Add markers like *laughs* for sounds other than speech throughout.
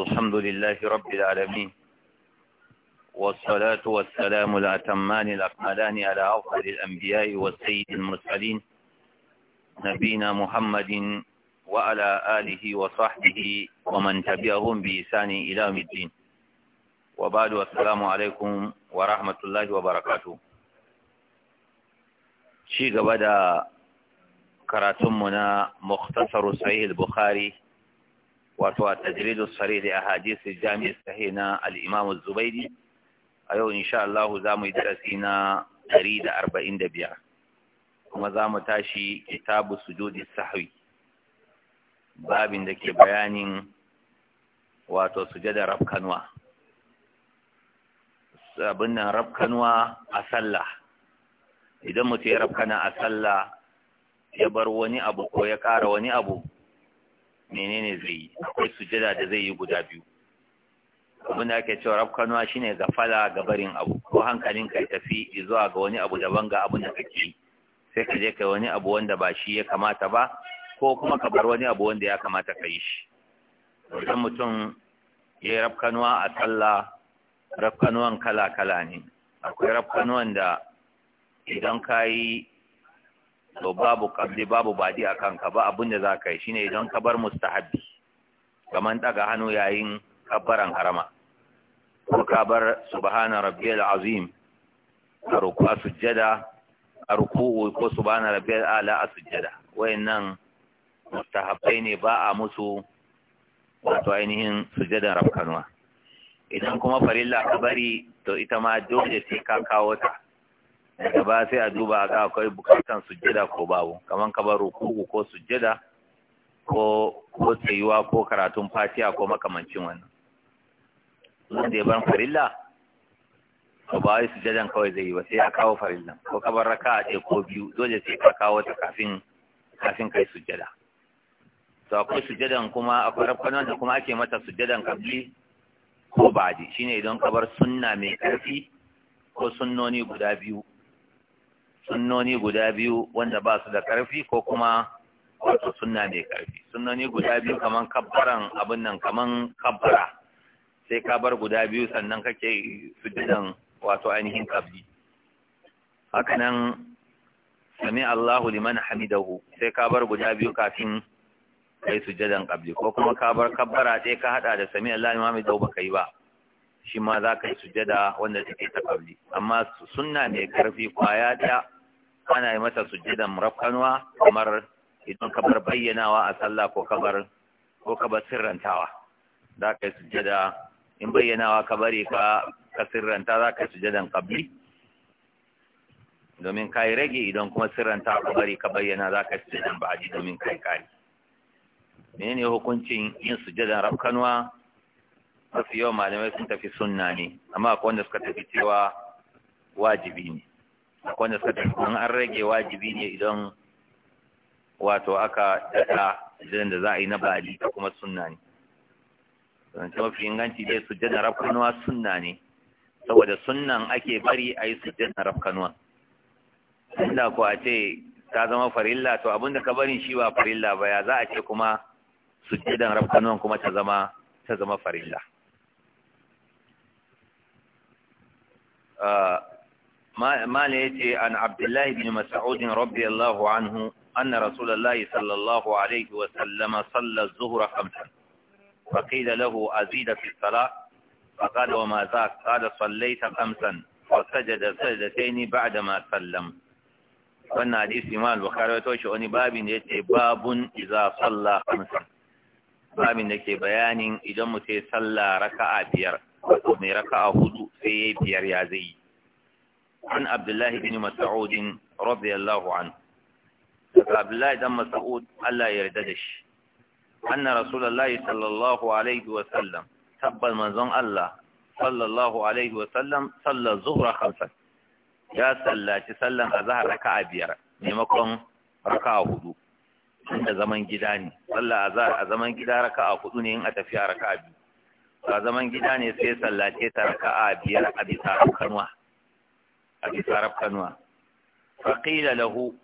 الحمد لله رب العالمين والصلاة والسلام الأتمان الأكملان على أفضل الأنبياء والسيد المرسلين نبينا محمد وعلى آله وصحبه ومن تبعهم بإحسان إلى يوم الدين وبعد السلام عليكم ورحمة الله وبركاته شيء قبل كراتمنا مختصر صحيح البخاري wato a tajiridu Sare da ahadisi jami'a sahi na al zubairi a yau insha Allah za mu yi darasi na biyar. kuma za mu tashi kitabu sujudi sahwi babin da ke bayanin wato sujada rabkanwa sabin nan rabkanwa a sallah idan mutum ya rabkana a sallah ya bar wani abu ko ya ƙara wani abu menene zai yi akwai sujada da zai yi guda biyu abin da ake cewa rafkanuwa shine gafala ga barin abu ko hankalin ka tafi zuwa ga wani abu daban ga abin da kake yi sai ka je kai wani abu wanda ba shi ya kamata ba ko kuma ka bar wani abu wanda ya kamata ka yi shi idan mutum ya yi rafkanuwa a sallah rafkanuwan kala kala ne akwai rafkanuwan da idan ka yi to babu kabli babu badi a kanka ba abin da za ka yi shine idan ka bar mustahabbi kamar daga hannu yayin kabbaran harama ko ka bar subhana rabbiyal azim a ruku a sujjada a ruku ko subhana rabbiyal ala a sujjada wayannan mustahabbai ne ba a musu wato ainihin sujjadan rafkanuwa idan kuma farilla ka bari to ita ma dole sai ka kawo ta daga ba sai a duba ga akwai bukatan sujjada ko babu kaman ka bar ruku'u ko sujjada ko ko tsayuwa ko karatun fatiha ko makamancin wannan mun da ban farilla to ba wai sujjadan kawai zai yi ba sai a kawo farilla ko ka bar raka'a ɗaya ko biyu dole sai ka kawo ta kafin kafin kai sujjada to akwai sujjadan kuma akwai rafan wanda kuma ake mata sujjadan kabli ko baji shine idan ka bar sunna mai karfi ko sunnoni guda biyu sunnoni guda biyu wanda ba su da ƙarfi ko kuma wato sunna mai ƙarfi sunnoni guda biyu kaman kabbaran abin nan kaman kabbara sai ka bar guda biyu sannan kake sujudan wato ainihin haka hakanan sami Allahu liman hamidahu sai ka bar guda biyu kafin kai sujudan kabli ko kuma ka bar kabbara sai ka hada da sami Allahu liman hamidahu baka yi ba shi ma za ka yi sujada wanda take ta kabli amma sunna mai karfi kwaya ɗaya ana yi masa sujjidan rafkanwa kamar idan kabar bayyanawa a sallah ko kabar ko kabar sirrantawa za ka yi sujjada in bayyanawa ka bari ka ka sirranta za ka yi sujjadan kabli domin ka yi rage idan kuma sirranta ka bari ka bayyana za ka yi sujjadan ba'adi domin ka yi kari menene hukuncin yin sujjadan rafkanwa mafi yawan malamai sun tafi sunna ne amma akwai wanda suka tafi cewa wajibi ne akwai da suka in an rage wajibi ne idan wato aka dada idan da za a yi na bali ta kuma sunna ne don ta mafi inganci dai sujjada rafkanuwa sunna ne saboda sunnan ake bari a yi sujjada rafkanuwa inda ko a ce ta zama farilla to abinda ka barin shi ba farilla ba ya za a ce kuma sujjadan rafkanuwan kuma ta zama ta zama farilla ah, ما An عن عبد الله بن مسعود رضي الله عنه أن رسول الله صلى الله da وسلم صلى الظهر خمسا فقيل da أزيد في الصلاة فقال وما ذاك قال صليت خمسا فسجد da بعدما سلم wannan hadisi ma al-bukhari ya toshe wani babin da ce babun iza salla khamsa babin da ke bayanin idan mutai salla raka'a biyar wato mai raka'a hudu sai yayi biyar ya zai عن عبد الله بن مسعود رضي الله عنه عبد الله بن مسعود ألا يرددش أن رسول الله صلى الله عليه وسلم تبا منزون الله صلى الله عليه وسلم صلى الظهر خمسة يا صلى تسلم أزهر ركع بير نمكم ركع هدو عند زمن جداني صلى أزهر زمن جدا ركع هدو نين أتفيا ركع بير a zaman gida ne sai sallace ta raka'a biyar a bisa kanuwa a bisa rafkanuwa faƙila lahu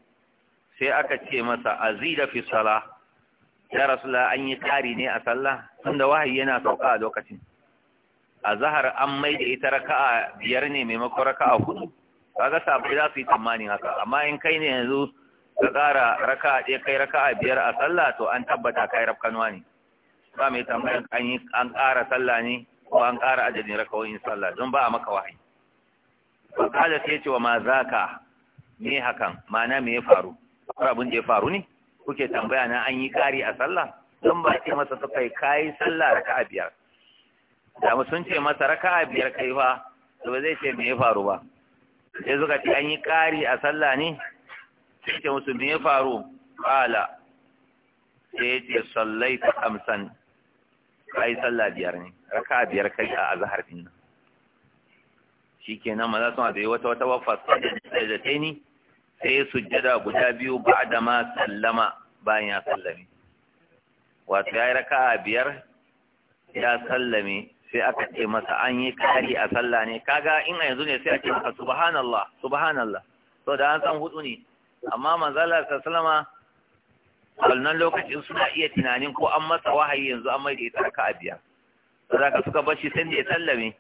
sai aka ce masa azida fi sala ya rasula an yi ƙari ne a sallah tunda wahayi yana sauka a lokacin a zahar an mai da ita raka'a biyar ne maimakon raka'a hudu kaga sabai za su yi tsammanin haka amma in kai ne yanzu ka ƙara raka'a ɗaya kai raka'a biyar a sallah to an tabbata kai rafkanuwa ne ba mai tambayan an ƙara sallah ne ko an ƙara adadin rakawoyin sallah don ba a maka wahayi faƙala sai ce wa ma za ka ne hakan mana me ya faru abin da ya faru ne kuke tambaya na an yi ƙari a sallah don ba ce masa su yi kayi sallah raka a biyar da sun ce masa raka a biyar kai fa to ba zai ce me ya faru ba sai suka ce an yi ƙari a sallah ne sai ce musu me ya faru ƙala sai ce sallai ta amsan kayi sallah biyar ne raka a biyar kai a azahar din nan maza suna da wata wata wafa sai da ta ni? sai su jada guda biyu ba da ma sallama bayan ya sallame wato ya yi raka a biyar ya sallame sai aka ce masa an yi kari a sallah ne kaga in a yanzu ne sai a ce masa subhanallah subhanallah so da an san hudu ne amma manzala sallama wannan lokacin suna iya tunanin ko an masa wahayi yanzu an mai da ita a biyar saboda suka bashi sai da ya sallame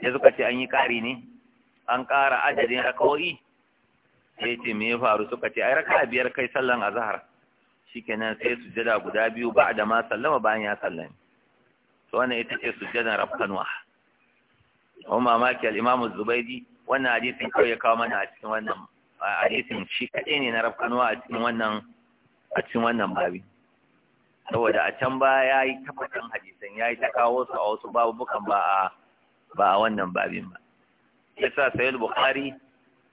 ya suka ce an yi ƙari ne an ƙara adadin rakawoyi sai ce me ya faru suka ce ai raka biyar kai sallan azhar shikenan sai sujjada guda biyu ba da ma sallama bayan ya sallame to wannan ita ce sujjadan rafkanwa wa mamaki al-imamu zubaidi wannan hadisin kawai ya kawo mana a cikin wannan hadisin shi kaɗai ne na rafkanwa a cikin wannan a cikin wannan babi saboda a can ba ya yi tabbatan hadisan ya yi ta kawo su a wasu babubukan ba a ba a wannan babin ba yasa sayar bukhari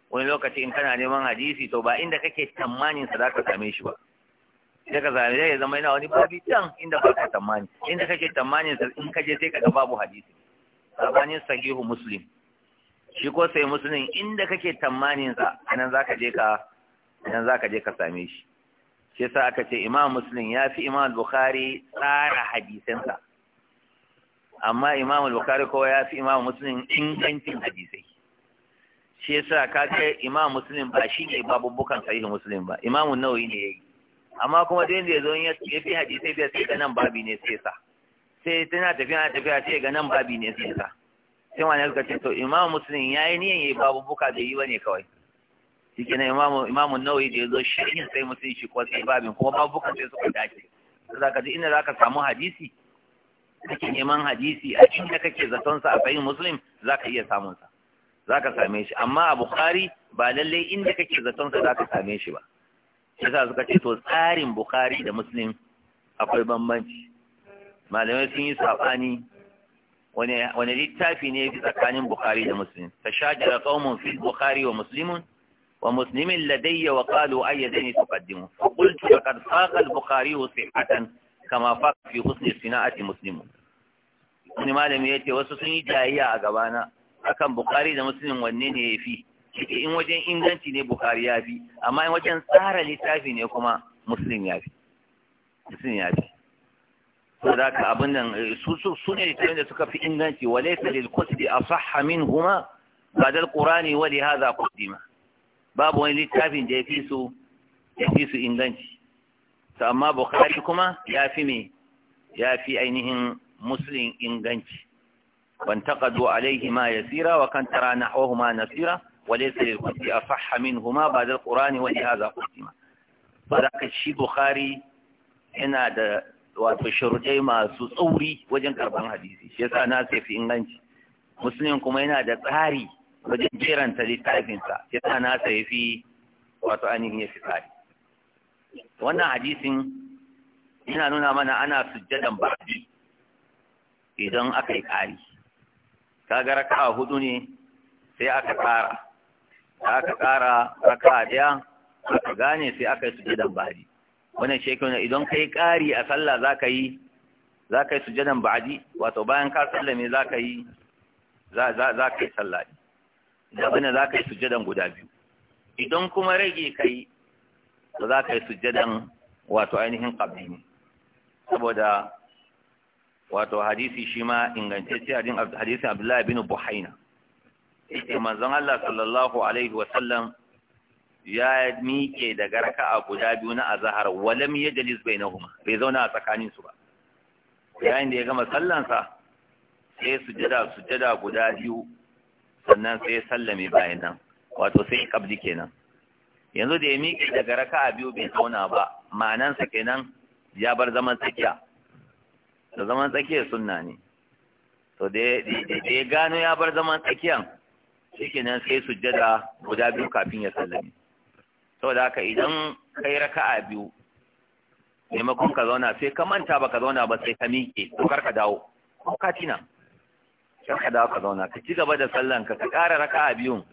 wani lokaci in kana neman hadisi to ba inda kake tsammanin sa za ka same shi ba sai ka zame ya zama yana wani babi can inda ba ka tsammani inda kake tsammanin sa in ka je sai ka ga babu hadisi sabanin sahihu muslim shi ko sai muslim inda kake tsammanin sa anan zaka je ka anan zaka je ka same shi shi yasa aka ce imam muslim ya fi imam bukhari tsara hadisansa amma imam al-bukhari kowa ya fi imam muslim ingancin hadisai shi yasa kaga imam muslim ba shi ne bukan sahih muslim ba imam an-nawawi ne yayi amma kuma dai da yazo ya fi hadisai da sai ga nan babi ne sai sa sai tana tafiya tafiya sai ga nan babi ne sai sa sai wani ya ce to imam muslim yayi niyan yayi buka da yi bane kawai shike ne imam imam an-nawawi da yazo sharhin sai muslim shi ko sai babin kuma babukan sai suka dace zaka ji inda zaka samu hadisi kake neman hadisi a inda kake zaton sa a sahih muslim zaka iya samun sa zaka same shi amma a bukhari ba lalle inda kake zaton sa zaka same shi ba yasa suka ce to tsarin bukhari da muslim akwai bambanci malamai sun yi sabani wani wani littafi ne fi tsakanin bukhari da muslim shajara qaumun fi bukhari wa muslimun ومسلم لدي وقالوا أي دين تقدمه فقلت لقد Bukhari البخاري صحة kama fa fi husni sina'ati muslimu wani malami yace wasu sun yi jayayya a gabana akan bukhari da muslimin wanne ne yafi shi in wajen inganci ne bukhari yafi amma in wajen tsara littafi ne kuma muslim yafi muslim yafi to da ka abin nan eh, su su su ne da suka fi inganci walaysa lil kutubi asahha minhuma ba'da al-qur'ani wa li hadha qaddima babu wani littafin da yafi su yafi su inganci ta amma bukari kuma ya fi ne ya fi ainihin musulun inganci ban taka zo alaihi ma yasira wa kan tara na ma nasira, tsira wale tsere kusi a fahamin huma ba zai ƙurani wani ya za kusi ba za ka shi Bukhari yana da wato shirudai masu tsauri wajen karban hadisi shi yasa na sai fi inganci musulun kuma yana da tsari wajen jeranta littafinsa shi yasa na sai fi wato ainihin ya fi tsari wannan hadisin yana nuna mana ana sujjadan ba'di idan aka yi ƙari kaga raka'a hudu ne sai aka ƙara da aka ƙara raka'a ɗaya aka gane sai aka yi sujjadan ba'di wannan shi yake idan kai ƙari a sallah za ka yi za ka yi sujjadan ba'di wato bayan ka sallame za ka yi za ka yi sallah bane za ka yi sujjadan guda biyu idan kuma rage kai to za ka yi sujjadan wato ainihin qabli ne saboda wato hadisi shi ma ingantacce hadisin Abdullahi bin Buhaina yake manzon Allah sallallahu alaihi wasallam ya miƙe garka a guda biyu na azahar walam na huma, bai zauna a tsakanin su ba yayin da ya gama sallansa sai sujjada sujjada guda biyu sannan sai sallame bayan nan wato sai kabli kenan yanzu da ya miƙe daga raka'a biyu bai zauna ba ma'anansa kenan ya bar zaman tsakiya da zaman tsakiyar sunna ne to da ya gano ya bar zaman tsakiyan kenan sai jada guda biyu kafin ya sallame da haka idan kai raka'a biyu maimakon ka zauna sai ka manta ba ka zauna ba sai ka miƙe to kar ka dawo ko ka kar ka dawo ka zauna ka ci gaba da sallan ka ka ƙara raka'a biyun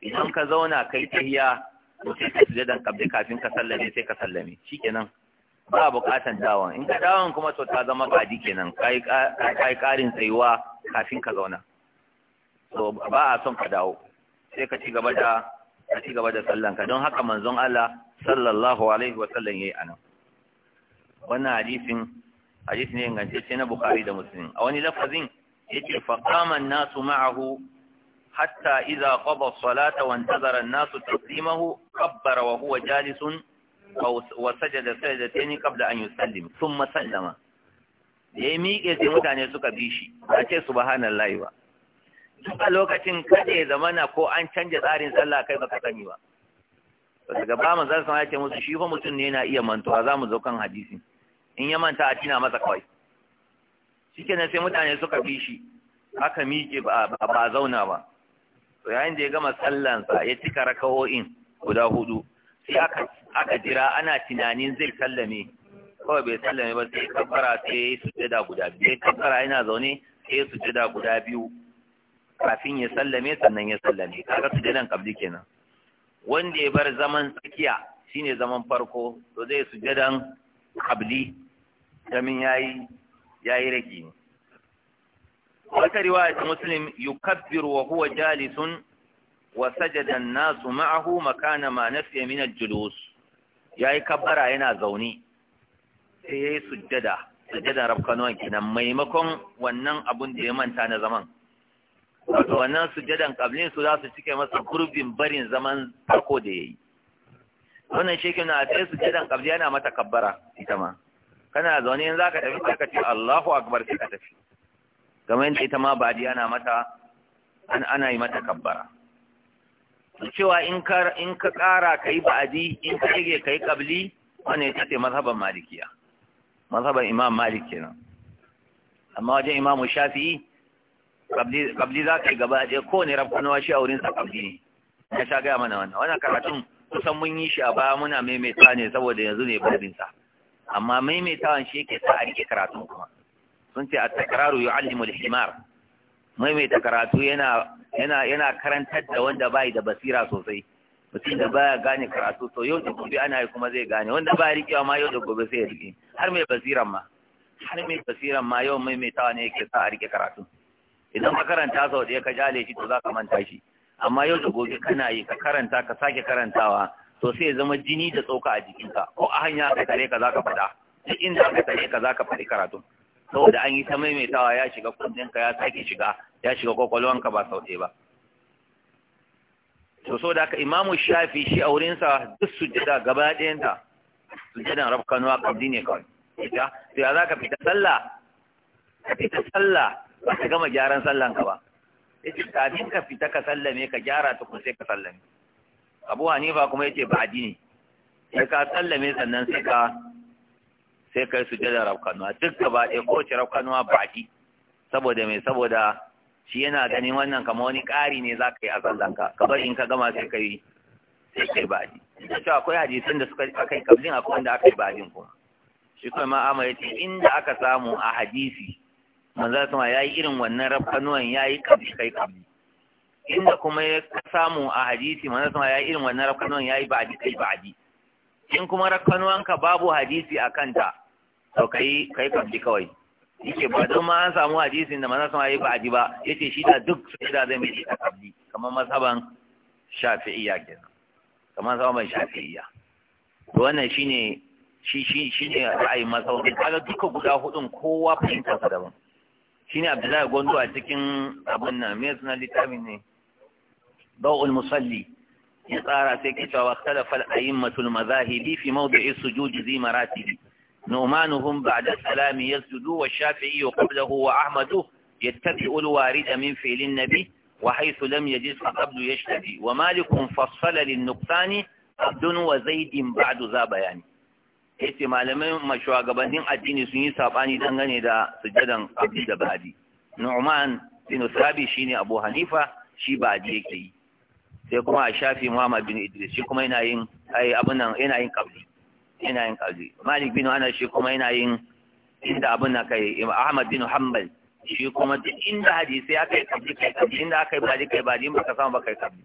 idan ka zauna kai tahiya ko ka kai sujadan kabli kafin ka sallame sai ka sallame shikenan ba bukatan dawon in ka dawon kuma to ta zama kadi kenan kai kai karin tsayuwa kafin ka zauna so ba a son ka dawo sai ka ci gaba da ka ci gaba da sallanka don haka manzon Allah sallallahu alaihi wa sallam yayi anan wannan hadisin hadisi ne ingantacce na Bukhari da Muslim a wani lafazin yace fa qama an-nasu ma'ahu حتى إذا قضى الصلاة وانتظر الناس تسليمه كبر وهو جالس وسجد سجدتين قبل أن يسلم ثم سلم ya miƙe sai mutane suka bi shi a ce subhanallahi ba duk a lokacin kada ya zamana ko an canja tsarin sallah kai baka sani ba daga ba mu zan ya ce musu shi fa mutum ne yana iya mantuwa za mu zo kan hadisi in ya manta a tina masa kawai shikenan sai mutane suka bi shi aka miƙe ba a zauna ba to yayin da ya gama sallansa ya cika rakawo'in guda hudu sai aka aka jira ana tunanin zai sallame kawai bai sallame ba sai kafara sai ya yi sujjada guda biyu sai kafara yana zaune sai ya sujjada guda biyu kafin ya sallame sannan ya sallame kaga sujjadan kabli kenan wanda ya bar zaman tsakiya shine zaman farko to zai sujjadan kabli kamin yayi yayi rage wata riwayat muslim yukabbiru wa huwa jalisun wa sajada an-nasu ma'ahu makana ma nafiya min al-julus yayi kabbara yana zaune sai yayi sujjada sujjadan rabkanuwan kenan maimakon wannan abun da ya manta na zaman wato wannan sujjadan kablin su za su cike masa gurbin barin zaman farko da yayi wannan shekin na sai sujjadan kabli yana mata kabbara ita ma kana zaune in zaka tafi sai ka ce Allahu akbar sai ka tafi kamar yadda ita ma ba ana mata an ana yi mata kabbara cewa in ka in ka ƙara kai ba'adi in ka rage kai qabli wannan ita ce mazhaban malikiya mazhaban imam malik kenan amma wajen imam shafi'i qabli qabli za ka yi gaba ne kowane rabkanawa shi a wurin sa qabli ne ya sha gaya mana wannan wannan karatun kusan mun yi shi a baya muna maimaita ne saboda yanzu ne babinsa amma maimaitawan shi yake sa a rike karatun kuma sun ce a takararu yu'allimu al-himar maimaita karatu yana yana yana karantar da wanda bai da basira sosai mutum da baya gane karatu to yau da gobe ana yi kuma zai gane wanda baya rikewa ma yau da gobe sai ya rike har mai basiran ma har mai basiran ma yau maimaitawa ne yake sa a rike karatu idan ka karanta sau ɗaya ka jale shi to za ka manta shi amma yau da gobe kana yi ka karanta ka sake karantawa to sai ya zama jini da tsoka a jikinka ko a hanya ka tare ka za ka faɗa duk inda ka tare ka za ka faɗi karatu saboda an yi ta maimaitawa ya shiga kundinka ya sake shiga ya shiga kwakwalwanka ba sauke ba to so da ka imamu shafi shi a wurinsa duk sujjada gaba ɗayanta sujjadan rab a kabdi ne kawai ita to ya za ka fita sallah ka fita sallah ba ka gama gyaran sallanka ba yace kafin ka fita ka sallame ka gyara ta kun sai ka sallame abu hanifa kuma yace ba addini sai ka sallame sannan sai ka sai kai jada rafkanuwa duk gaba ɗaya kowace rafkanuwa baki saboda mai saboda shi yana ganin wannan kama wani ƙari ne za ka yi a sallanka ka bar in ka gama sai ka yi sai kai baɗi da cewa akwai hadisan da suka aka yi kabilin akwai wanda aka yi baɗin kuma shi kuma amma ya ce inda aka samu a hadisi manzo ma ya yi irin wannan rafkanuwan ya yi kabi kai kabi inda kuma ya samu a hadisi manzo ma ya yi irin wannan rafkanuwan ya yi baɗi kai baɗi in kuma rafkanuwanka babu hadisi a kanta to kai kai kamfi kawai yake ba don ma an samu hadisin da mana sama yi wasallam ba ce shi da duk sai da zai mai da kamfi kamar mazhaban shafi'iyya kenan kamar mazhaban shafi'iyya to wannan shine shi shi shine ra'ayin mazhaban kaga duka guda hudun kowa fahimta sa daban shine Abdullahi Gondo a cikin abin nan me suna littafin ne Bawul Musalli ya tsara sai ke cewa ikhtalafa al-a'immatu al-mazahibi fi mawdi'i sujudi zi نعمانهم بعد السلام يسجد والشافعي قبله وأحمد يتبع الوارد من فعل النبي وحيث لم يجد فقبل يشتبه ومالك فصل للنقصان عبد وزيد بعد ذا بيان yace malamai mashugabannin addini sun yi sabani dangane da sujjadan abdi da badi nu'man bin sabi shine abu hanifa shi badi yake yi sai kuma a shafi muhammad bin idris shi kuma yana yin Ina yin kaji malik bin anas shi kuma ina yin inda abun na kai ahmad bin hanbal shi kuma duk inda hadisi aka yi kaji kai kaji inda aka yi baji kai baji in baka samu baka yi kaji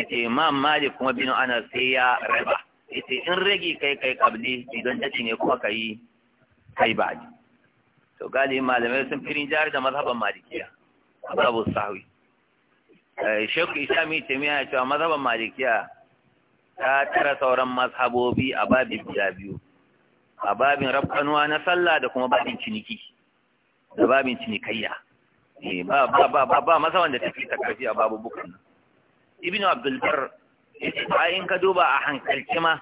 yace imam malik kuma bin anas sai ya raba yace in rage kai kai kabli idan ta ne kuma kai kai baji to gali malamai sun firin jari da mazhaban malikiya babu sahwi eh, shekku isami ce mai cewa mazhaban malikiya ta tara sauran mazhabobi a babin guda biyu a babin rafkanuwa na sallah da kuma babin ciniki da babin cinikayya eh, ba ba ba ba ba masa wanda take ta takarfi a babu bukan ibnu abdul bar in ka duba a hankalci ma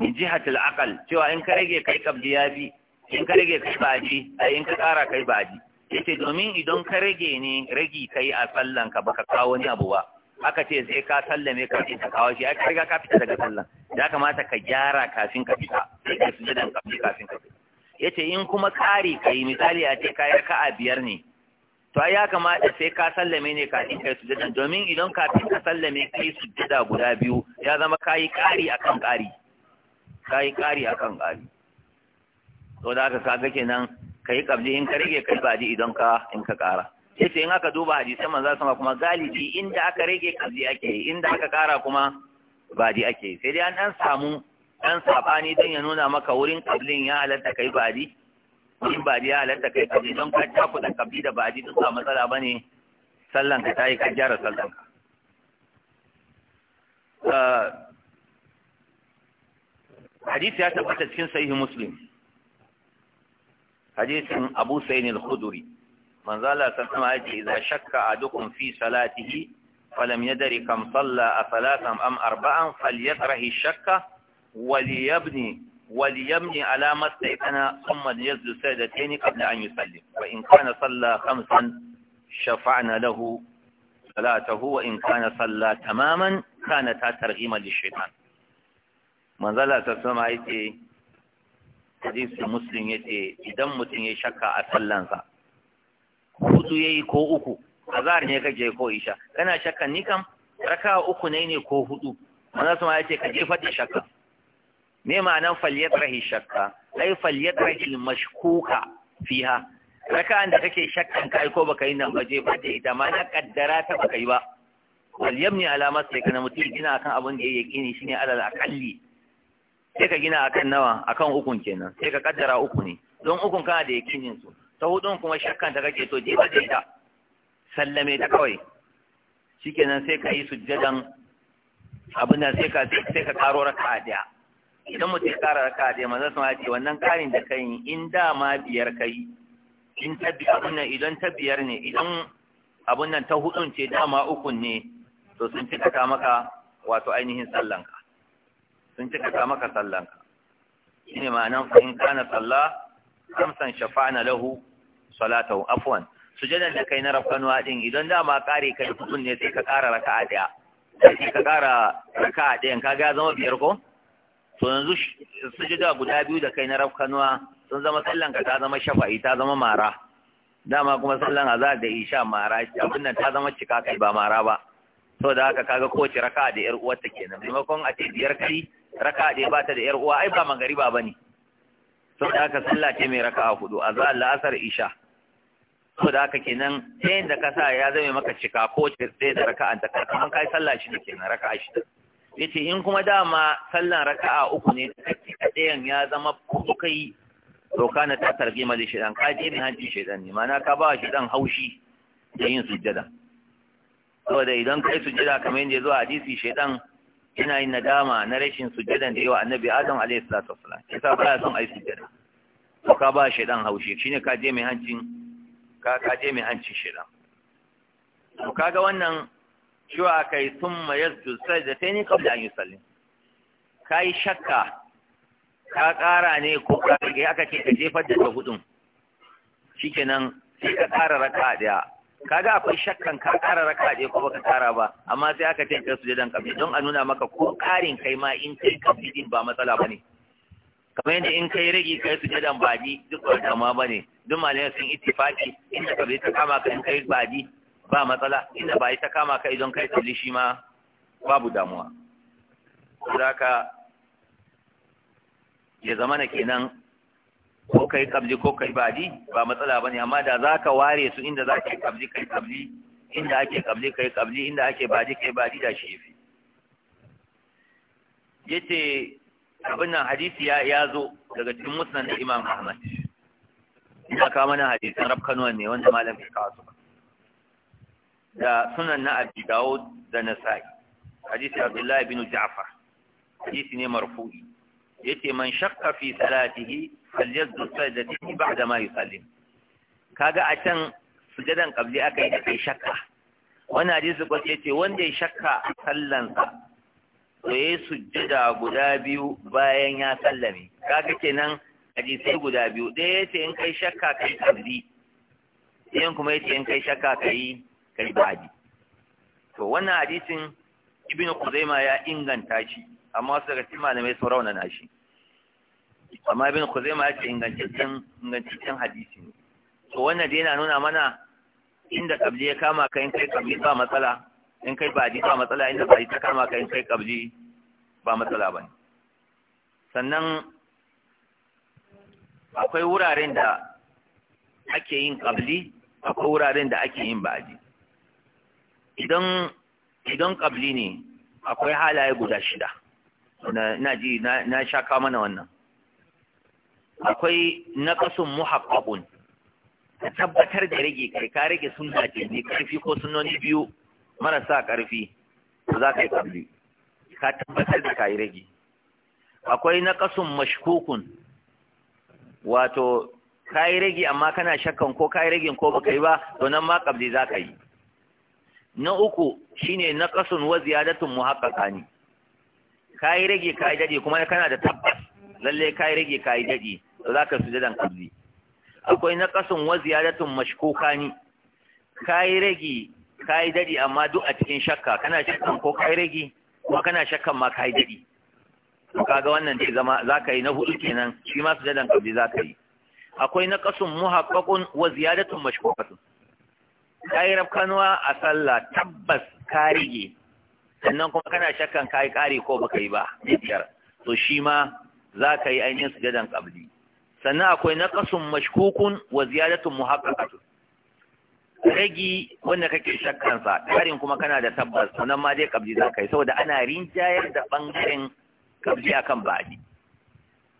min jihatul aqal cewa in ka rage kai kabdi ya bi in ka rage kai baji ai in ka kara kai baji yace domin idan ka rage ne ragi kai a sallan ka baka kawo ni abu ba aka ce sai ka sallame ka ce ta kawo shi ai ka riga ka fita daga sallan ya kamata ka gyara kafin ka fita sai ka su kafin kafin ka fita yace in kuma kari kai misali a ce ka yi ka a biyar ne to ai ya kamata sai ka sallame ne kafin kai sujada domin idan kafin ka sallame kai sujada guda biyu ya zama kai kari akan kari kai kari akan kari to da haka kaga kenan kai kabli in ka rige kai baji idan ka in ka kara ce in aka duba hadisan manzo sama kuma galibi inda aka rage kazi ake inda aka kara kuma badi ake sai dai an dan samu dan sabani don ya nuna maka wurin kablin ya halatta kai badi in badi ya halatta kai kabli don ka ta kuɗa kabli da badi duk ba matsala bane sallan ka tayi ka gyara sallan ka ah, hadisi ya tabbata cikin sahihi muslim hadisin abu sayyid al-khudri manzala ta sama ya ce idan shakka a dukun fi salatihi falam ya dare kam salla a salatan am arba'an falyasrahi shakka waliyabni waliyabni ala mastaikana thumma yazdu sajdatayn qabla an yusalli wa in kana salla khamsan shafa'na lahu salatahu wa in kana salla tamaman kana ta targhima lishaitan manzala ta sama ya hadisi muslim ya idan mutum ya shakka a sallansa hudu yi ko uku A zahar ne ka je ko isha kana shakkan ni kam raka uku ne ne ko hudu manzo sama ce ka je faɗi shakka me ma'anan rahi shakka ai rahi mashkuka fiha an da kake shakkan kai ko baka yi nan ba je, da ita ma na kaddara ta baka yi ba wal yamni alamat sai kana mutum gina akan abin da yake ni shine alal akalli sai ka gina akan nawa akan ukun kenan sai ka kaddara uku ne don ukun kana da yakinin su ta hudun kuma shakkan ta kake to jefa da ita sallame ta kawai shikenan sai ka yi sujjadan abin da sai ka sai ka karo raka daya idan mu sai kara raka daya manzo sun ce wannan karin da kai in da ma biyar kai in ta biyar nan idan ta biyar ne idan abun nan ta hudun ce dama ukun ne to sun ci ta maka wato ainihin sallanka sun ci ta maka sallanka shine ma'anan fa in kana sallah amsan shafa'na lahu salatahu afwan sujadan da kai na rafanu din idan dama kare kai kudin ne sai ka kara raka'a daya sai ka kara raka'a daya. kaga zama biyar ko to yanzu sujada guda biyu da kai na rafanu sun zama sallan ka ta zama shafa'i ta zama mara dama kuma sallan azhar da isha mara abin nan ta zama cika kai ba mara ba da haka kaga kowace raka'a da yar uwarta kenan maimakon a ce biyar kai raka'a da ba ta da yar uwa ai ba magariba bane da haka sallah ce mai raka'a hudu azhar la'asar isha so da aka kenan ɗayan da ka sa ya zame maka cika ko sai da raka'an ta kuma kai sallah shi da kenan raka'a shi yace in kuma dama sallan raka'a uku ne ta ɗayan ya zama kuɗu kai to kana ta tarbi ma da shedan ka je min hanci shedan ne mana ka ba shedan haushi da yin sujjada saboda idan kai sujjada kamar yadda zuwa hadisi shedan ina yin nadama na rashin sujjadan da yawa annabi adam alaihi salatu wassalam ba ya son ayi sujjada to ka ba shedan haushi shine ka je mai hancin ka kaje mai hanci shida to kaga wannan cewa kai ne kawai da hanyar salli? Ka yi shakka ka ƙara ne ko ka rage aka ce ka jefar da ta hudun nan sai ka ƙara raka daya kaga akwai shakkan ka ƙara raka daya ko baka ƙara ba amma sai aka ce ka jadon kafin don a nuna maka ko ƙarin kai ma in kai kafin ba matsala ba ne. kamar yadda in kai rage kai su jadan baji duk wani dama ba ne duk malamai sun faki inda ka bai ta kama ka in kai baji ba matsala inda ba ta kama ka idan kai tsalli shi ma babu damuwa za ka ya zama na kenan ko kai kabji ko kai baji ba matsala ba ne amma da za ka ware su inda za ka yi kabji kai kabji inda ake kabli kai kabli inda ake baji kai baji da shi yace abin nan hadisi ya ya zo daga cikin musnad da Imam Ahmad ina kawo mana hadisin rafkanuwa ne wanda malam ya kawo su da sunan na Abi Dawud da Nasa'i hadisi Abdullahi bin Ja'far hadisi ne marfu'i yace man shakka fi salatihi falyazdu sajdatihi ba'da ma yusallim kaga a can sujadan qabli aka yi da shakka wannan hadisi ko yace wanda ya shakka sallansa koye su yi sujjada guda biyu bayan ya sallame kaga kenan hadisai guda biyu ɗaya ce in kai shakka kai kabdi ɗayan kuma ya ce in kai shakka kai kai ba'adi to wannan hadisin ibn Kuzaima ya inganta shi amma su daga cikin malamai sun na shi amma ibn Kuzaima ya ce ingantaccen ingantaccen hadisi ne to wannan dai yana nuna mana inda kabli ya kama ka in kai kabli ba matsala in kai ba'adi ba matsala inda ba'adi ta kama ka in kai kabli ba matsala ba ne sannan akwai wuraren da ake yin ƙabli akwai wuraren da ake yin ba'adi idan idan ƙabli ne akwai halaye guda shida na ji na sha kama na wannan akwai naƙasun muhaqqaqun ka tabbatar da rage kai ka rage sunna ce ne karfi ko sunoni biyu marasa karfi za ka yi ƙabli ka tabbatar da kayi rage akwai ƙasun mashkukun wato kayi rage amma kana shakkan ko kayi ragin ko baka yi ba to nan ma ƙabdi za ka yi na uku shine ƙasun wa ziyadatun muhaqqaqani Kayi rage kayi daɗi kuma kana da tabbas lalle kayi rage kai dade to zaka sujudan ƙabdi akwai ƙasun wa ziyadatun mashkukani kai rage kai dade amma duk a cikin shakka kana shakkan ko kai rage kuma kana shakkan ma ka yi daɗi to kaga wannan zai zama za ka yi na hudu kenan shi ma sujadan kabli za ka yi akwai na kasun muhaqqaqun wa ziyadatun mashkuqatun kai rafkanuwa a sallah tabbas ka rige sannan kuma kana shakkan kai kare ko baka yi ba biyar to shi ma za ka yi ainihin sujadan kabli sannan akwai na kasun mashkukun wa ziyadatun muhaqqaqatun ragi wanda kake shakkansa ƙarin kuma kana da tabbas sannan ma dai kabji za ka yi saboda ana rinjayar da ɓangaren kabji a kan baɗi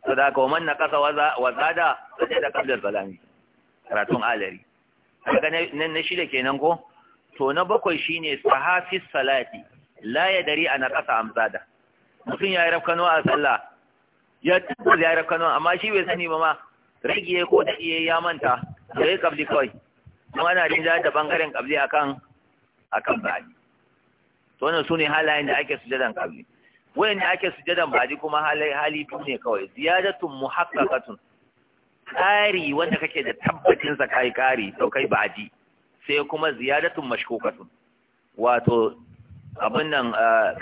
so da kawo man na ƙasa wasa da sai da kabjar salami karatun alari daga na shida kenan ko to na bakwai shine sahafi salati la ya dari ana ƙasa amsada mutum ya yi rafkano a sallah ya tabbas ya yi rafkano amma shi bai sani ba ma rage ko da iya ya manta da ya kabli kawai kuma ana rinja da bangaren kabli akan akan baji to wannan sune halayen da ake sujadan kabli wayan da ake sujadan baji kuma hali tu ne kawai ziyadatun muhaqqaqatun kari wanda kake da tabbacin sa kai kari to kai baji sai kuma ziyadatun mashkukatun wato abin nan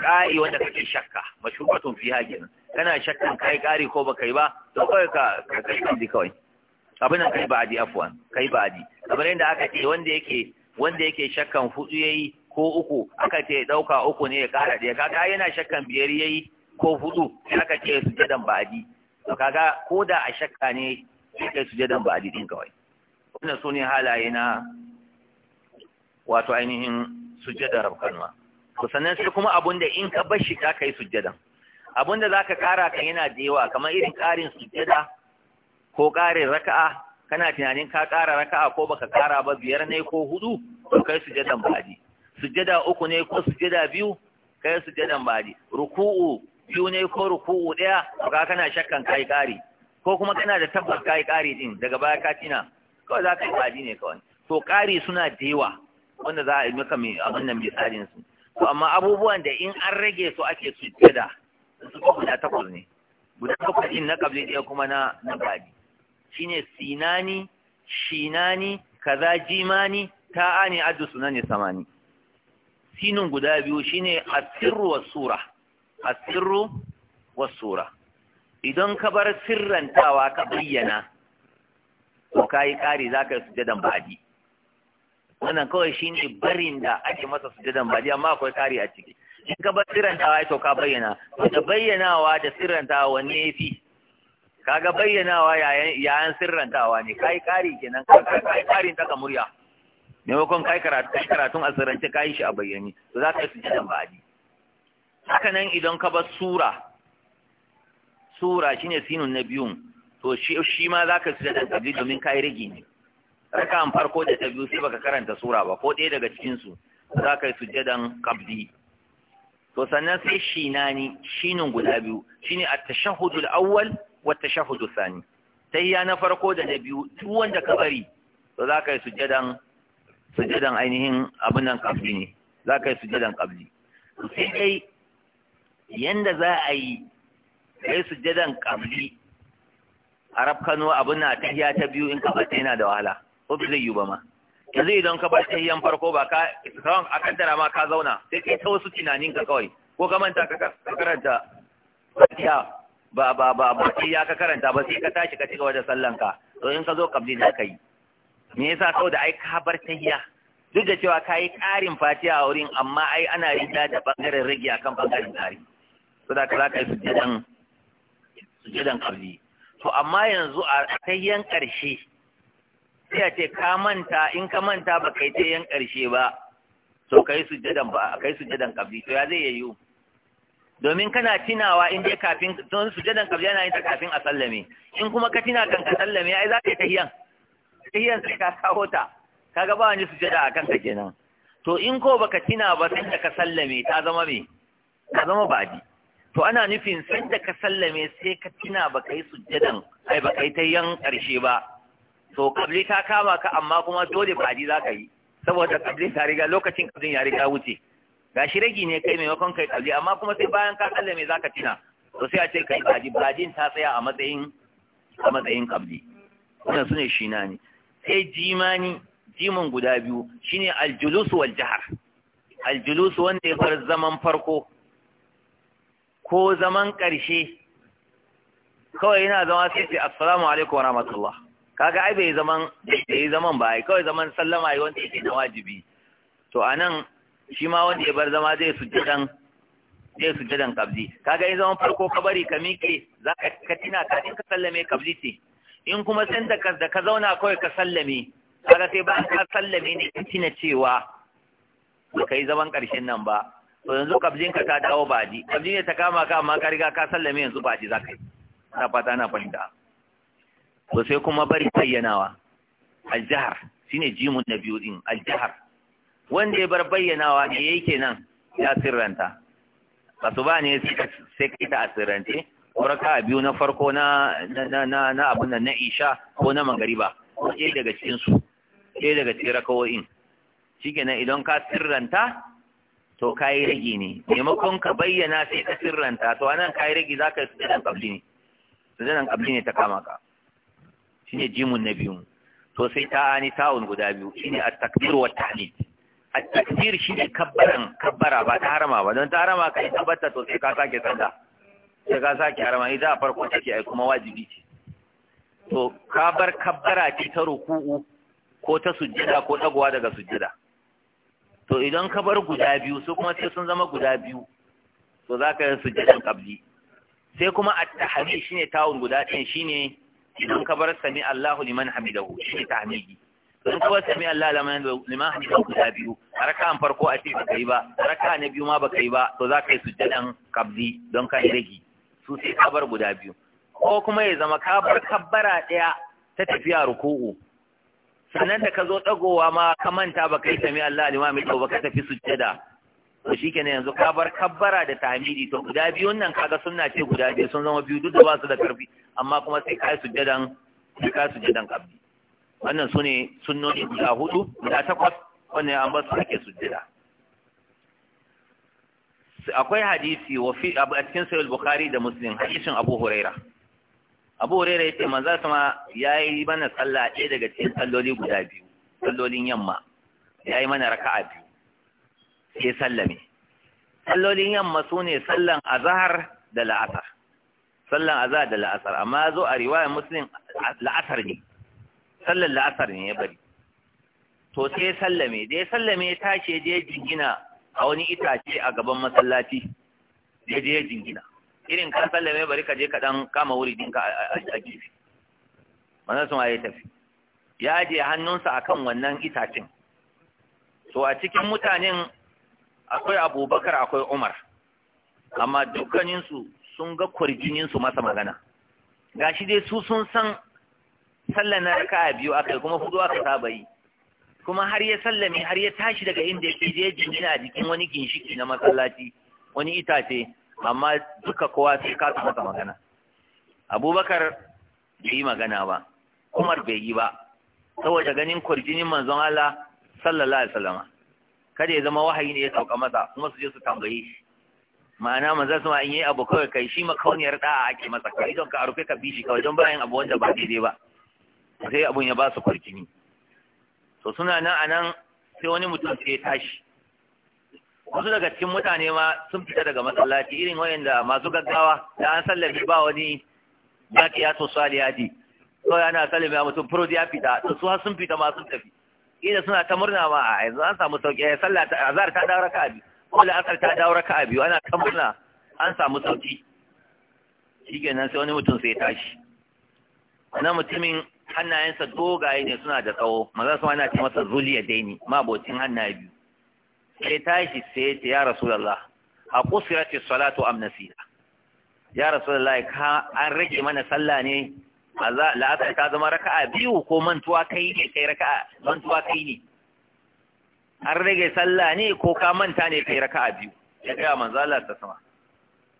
kai eh, wanda kake shakka mashukatun fi hakin kana shakkan kai ƙari ko baka yi ba to kai ka kai kanji kawai abinan kai ba'adi afwan kai ba'adi kamar yadda aka ce wanda yake wanda yake shakkan hudu yayi ko uku aka ce ya dauka uku ne ya kara da kaga yana shakkan biyar yayi ko hudu aka ce sujadan ba'adi to kaga ko da a shakka ne kai sujadan ba'adi din kawai wannan ne halaye na wato ainihin sujjada rabkanwa to sannan sai kuma abunda in ka bar shi ka kai sujjadan abunda zaka kara kan yana da yawa kamar irin karin sujada. ko ƙarin raka'a kana tunanin ka ƙara raka'a ko baka ƙara ba biyar ne ko hudu to kai sujjadan ba'adi sujada uku ne ko sujada biyu kai sujjadan baji ruku'u biyu ne ko ruku'u ɗaya to ka kana shakkan kai ƙari ko kuma kana da tabbas kai ƙari din daga baya ka tina kawai za ka yi baji ne kawai to ƙari suna da yawa wanda za a yi maka mai abin nan misalin su to amma abubuwan da in an rage su ake sujada su ko guda takwas ne guda takwas din na kabli ɗaya kuma na na shine sinani shinani kaza jimani ta'ani addu ne samani sinin guda biyu shine asirru was sura asirru was sura idan ka bar sirrantawa ka bayyana to kai za zaka yi sujadan ba'di wannan kawai shine barin da ake masa sujadan baji amma akwai ƙari a ciki in ka bar sirrantawa to ka bayyana to da bayyanawa da sirrantawa wanne yafi kaga bayyanawa yayan yayan sirrantawa ne kai kari kenan kai kari ta murya ko kai karatu kai karatun asirrance kai shi a bayyane to za ka yi dan ba'adi haka nan idan ka bar sura sura shine sinun na to shi ma za ka sujudan tabli domin kai rigi ne raka an farko da ta biyu sai baka karanta sura ba ko ɗaya daga cikin su za ka yi sujudan qabdi to sannan sai shinani shinin guda biyu shine at-tashahhudul awwal wata shahudu sani Ta tayya na farko da na biyu duk wanda ka bari to za ka yi sujadan ainihin abin nan kabli ne za ka yi sujadan kabli sai dai yadda za a yi ka yi sujadan kabli a rafkano abin na tahiya ta biyu in ka bata yana da wahala ko zai yi ba ma yanzu don ka bar tahiyan farko ba ka kawai a kaddara ma ka zauna sai kai ta wasu tunanin ka kawai ko ka manta ka karanta fatiha ba ba ba ba ya ka karanta ba sai ka tashi ka cika wajen sallanka to in ka zo kabli za ka yi me yasa saboda ai ka bar tahiya duk da cewa ka yi ƙarin fatiha a wurin amma ai ana rinda da bangaren rage a kan bangaren tsari to da ka za ka yi sujadan sujadan kabli to amma yanzu a tahiyan ƙarshe sai a ce ka manta in ka manta ba kai tahiyan ƙarshe ba to ka yi ba kai yi kabli to ya zai yiwu domin kana tunawa in dai kafin don sujadan kabli yana yin ta kafin a sallame in kuma ka tuna kan ka sallame ai za ka yi tahiyan tahiyan sai ka kawo ta kaga ba wani sujada a kanka kenan to in ko baka tuna ba sai da ka sallame ta zama me ta zama baji to ana nufin sai da ka sallame sai ka tuna baka yi sujadan ai baka yi tahiyan karshe ba to kabli ta kama ka amma kuma dole baji za ka yi saboda kabli ta riga lokacin kabli ya riga wuce gashi ragi ne kai maimakon kai tsalle amma kuma sai bayan ka tsalle mai zaka tina to sai a ce kai baji bajin ta tsaya a matsayin a matsayin kabli wannan sune ne. sai jimani jimin guda biyu shine aljulus wal jahar aljulus wanda ya fara zaman farko ko zaman ƙarshe kawai yana zama sai sai assalamu alaikum wa rahmatullah kaga ai bai zaman bai zaman ba ai kawai zaman sallama ai wanda yake na wajibi to anan shi ma wanda ya bar zama zai sujjadan zai sujjadan Ka kaga in zaman farko ka bari ka miƙe za ka ka tina ka in ka sallame kabzi ce in kuma san da ka da ka zauna kawai ka sallame kaga sai ba ka sallame ne in tina cewa ba kai zaman ƙarshen nan ba to yanzu kabzin ka ta dawo baji kabli ne ta kama ka amma ka riga ka sallame yanzu baji za ka yi na fata na fahimta to sai kuma bari bayyanawa aljahar shine jimun na biyu din aljahar wanda ya bar bayyanawa ya yi kenan ya sirranta ba ne sai kai ta asirrance warka biyu na farko na na na na nan na isha ko na magariba ko ɗaya daga cikinsu ɗaya daga cikin shi kenan idan ka sirranta to kayi rage ne maimakon ka bayyana sai ka sirranta to anan kayi rage zaka yi sujudan qabli ne sujudan qabli ne ta kama ka Shi ne jimun na biyu to sai ta ani ta'un guda biyu ne a takbir wa at a takbir shi ne kabbaran kabbara ba ta harama ba don ta harama kai tabbata to sai ka sake sanda sai ka sake harama ita a farko take ai kuma wajibi ce to ka bar kabbara ce ta ruku'u ko ta sujjada ko dagowa daga sujjada to idan ka bar guda biyu su kuma sai sun zama guda biyu to za ka yi sujjadan kabli sai kuma at shi ne tawon guda ɗin shi ne idan ka bar sami Allahu liman hamidahu ta tahmidi don kuwa sami Allah laman liman da guda biyu a an farko a ce baka yi ba a na biyu ma baka yi ba to za ka yi sujjadan kabdi don ka yi rage su sai ka bar guda biyu ko kuma ya zama ka bar kabbara daya ta tafiya ruku'u sannan da ka zo dagowa ma ka manta baka yi sami Allah liman to ba ka tafi sujjada to shikenan yanzu ka bar kabbara da tahmidi to guda biyun nan kaga sunna ce guda biyu sun zama biyu duk da ba su da karfi amma kuma sai ka yi sujjadan ka sujjadan kabdi wannan su ne sunnoni guda hudu guda takwas wannan an basu ake sujjada akwai hadisi wa fi a cikin sahih bukhari da muslim hadisin abu huraira abu huraira yace manzo sama yayi mana sallah ɗaya daga cikin salloli guda biyu sallolin yamma yayi mana raka'a biyu sai sallame sallolin yamma su ne sallan azhar da la'asar sallan azhar da la'asar amma zo a riwayar muslim la'asar ne sallar la'asar ne ya bari to sai ya sallame da ya sallame ya tashi je ya jingina a wani itace a gaban masallaci ya je ya jingina irin ka sallame bari ka je ka dan kama wuri dinka a gefe manzon sun ya tafi ya je hannunsa akan wannan itacin to a cikin mutanen akwai abubakar akwai umar amma dukkaninsu sun ga su masa magana gashi dai su sun san Sallan na a biyu akai kuma hudu aka saba yi kuma har ya sallame har ya tashi daga inda yake je jingina a jikin wani ginshiki na masallaci wani itace amma duka kowa sai ka su maka magana abubakar bai yi magana ba umar bai yi ba saboda ganin kurjinin manzon Allah sallallahu alaihi wasallam kada ya zama wahayi ne ya sauka masa kuma su je su tambaye shi ma'ana manzon sama in yayi abu kawai kai shi makauniyar da'a ake masa kai don ka arufe ka bishi kawai don bayan abu wanda ba daidai ba sai abun ya ba su kwarkini to suna nan a nan sai wani mutum sai ya tashi wasu daga cikin mutane ma sun fita daga masallaci irin wayanda masu gaggawa da an sallabi ba wani ba ya ji salihadi ya na sallami ya mutum furo ya fita to su sun fita ma sun tafi ina suna ta murna ma a yanzu an samu sauki ya eh, sallah ta azhar ta dawo raka'a biyu ko asar ta dawo raka'a biyu ana ta murna an samu sauki shikenan sai wani mutum sai ya tashi wannan mutumin hannayensa dogaye ne suna da tsawo maza su ana ce masa zuliya daini mabocin hannaye biyu sai tashi sai ta ya rasulullah a ce salatu am nasira ya rasulullah ka an rage mana sallah ne la'asar ta zama raka'a biyu ko mantuwa kai ne kai raka'a mantuwa kai ne an rage sallah ne ko ka manta ne kai raka'a biyu ya kai manzo Allah ta sama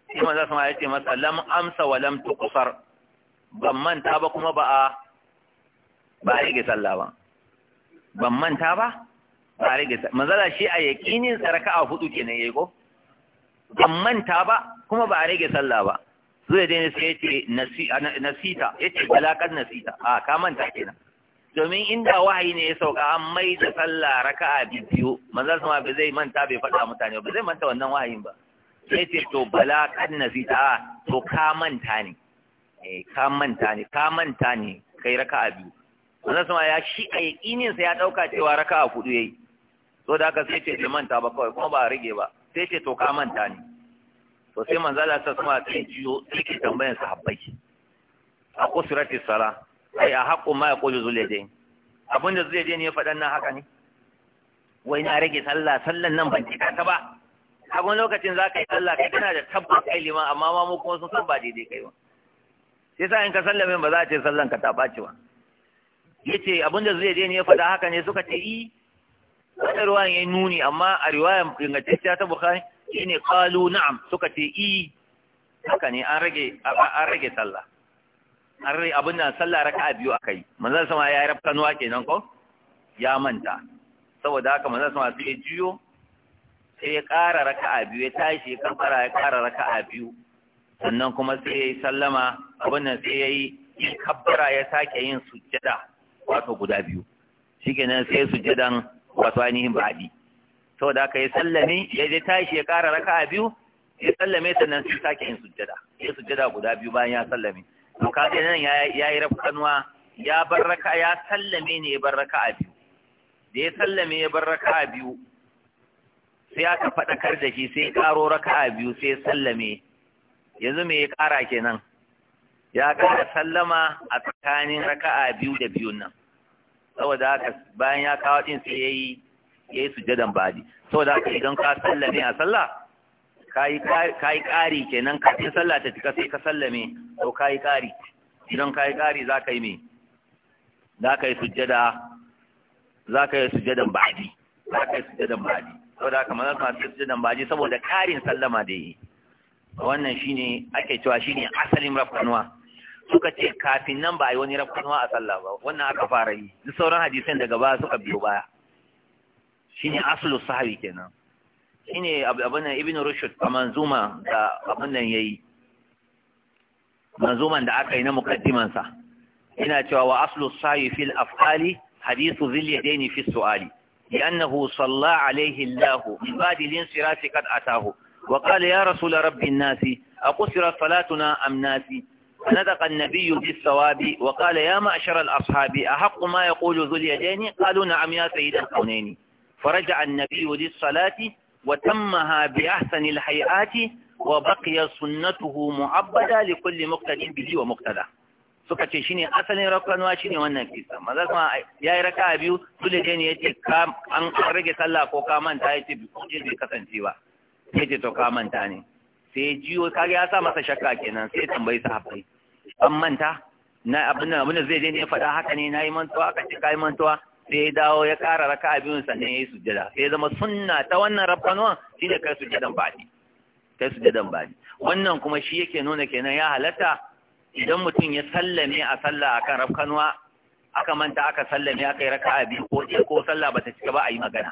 sai manzo sama ya ce masa lam amsa wa lam tuqsar ban manta ba kuma ba a ba a rage sallah ba ban manta ba ba a rage sallah manzala shi a tsara tsaraka a hudu kenan yayi ko ban manta ba kuma ba a rage sallah ba zai dai sai yace nasita yace balakan nasita a ka manta kenan domin inda wahayi ne ya sauka an mai da sallah raka'a biyu manzal sama bai zai manta bai faɗa mutane ba zai manta wannan wahayin ba sai ce to bala kan nasita to ka manta ne eh ka manta ne ka manta ne kai raka'a biyu wannan sama ya shi a yaƙinin sa ya dauka cewa raka'a hudu yayi so da haka sai ce ta manta ba kawai kuma ba a rage ba sai ce to ka manta ne to sai manzo Allah sa sama sai jiyo sai tambayan sahabbai a kusurati sala ai a haƙƙo ma ya ƙojo Abinda abin da zuliyadain ya faɗan nan haka ne wai na rage sallah sallan nan ban cika ta ba a wani lokacin za ka yi sallah kai kana da tabbas kai liman amma ma mu kuma sun san ba daidai kai ba sai sa in ka sallame ba za a ce sallan ka ta ɓaci ba yace abinda zai je ne ya faɗa haka ne suka ce yi wannan ruwan ya nuni amma a riwayan ingantacciya ta shi ne qalu na'am suka ce yi haka ne an rage an rage sallah an rage abin sallah sallah a biyu yi manzon sama ya yi rafkanuwa kenan ko ya manta saboda haka manzon sama sai ya juyo sai ya ƙara a biyu ya tashi ya kamfara ya ƙara a biyu sannan kuma sai ya yi sallama abinda sai ya yi kabbara ya sake yin sujjada wato guda biyu shikenan sai dan wato ainihin ba'adi saboda ka yi sallami, ya je tashi ya raka raka'a biyu ya sallame sannan sai sake yin sujjada ya sujjada guda biyu bayan ya sallame to ka ga nan ya yi rafkanuwa ya bar raka ya sallame ne ya bar raka'a biyu da ya sallame ya bar raka'a biyu sai aka faɗakar da shi sai karo raka'a biyu sai sallame yanzu me ya ƙara kenan ya ƙara sallama a tsakanin raka'a biyu da biyun nan saboda haka bayan ya kawo din sai yayi yayi sujjadan badi saboda haka idan ka sallame a sallah kai kai kari kenan ka in sallah ta tuka sai ka sallame to kai kari idan kai kari za ka yi me za ka yi sujjada za ka yi sujjadan badi za ka yi sujjadan badi saboda haka manzon sa sujjadan badi saboda karin sallama da yi wannan shine ake cewa shine asalin rafkanuwa suka ce kafin nan ba a yi wani rafkanuwa a sallah ba wannan aka fara yi duk sauran hadisan daga baya suka biyo baya shine aslu sahabi kenan shine abin nan ibn rushd a manzuma da abin nan ya yi? manzuman da aka yi na mukaddiman ina cewa wa aslu sahabi fil afali hadithu dhil yadaini fi su'ali لأنه صلى عليه الله من بعد الانصراف قد أتاه وقال يا رسول رب الناس أقصرت صلاتنا أم ناسي فنطق النبي بالثواب وقال يا معشر الأصحاب أحق ما يقول ذو اليدين قالوا نعم يا سيد الكونين فرجع النبي للصلاة وتمها بأحسن الحيئات وبقي سنته معبدة لكل مقتدي به ومقتدى suka ce shine asalin rakkanuwa shine wannan kisa maza kuma yayi raka biyu dole ne yace ka an rage sallah ko ka manta yace bai kasance ba yace to ka manta ne sai ya jiyo kage ya sa masa shakka kenan sai tambayi sahabbai an manta na abin abin da zai je ne faɗa haka ne nayi mantuwa ka ce kai mantuwa sai ya dawo ya ƙara raka'a biyun sannan yayi sujjada sai zama sunna ta wannan rabbanuwa shine kai sujjadan bani kai sujjadan bani wannan kuma shi yake nuna kenan ya halatta idan mutum ya sallame a sallah akan rabkanuwa aka manta aka sallame aka yi raka'a biyu ko ɗaya ko sallah bata cika ba a yi magana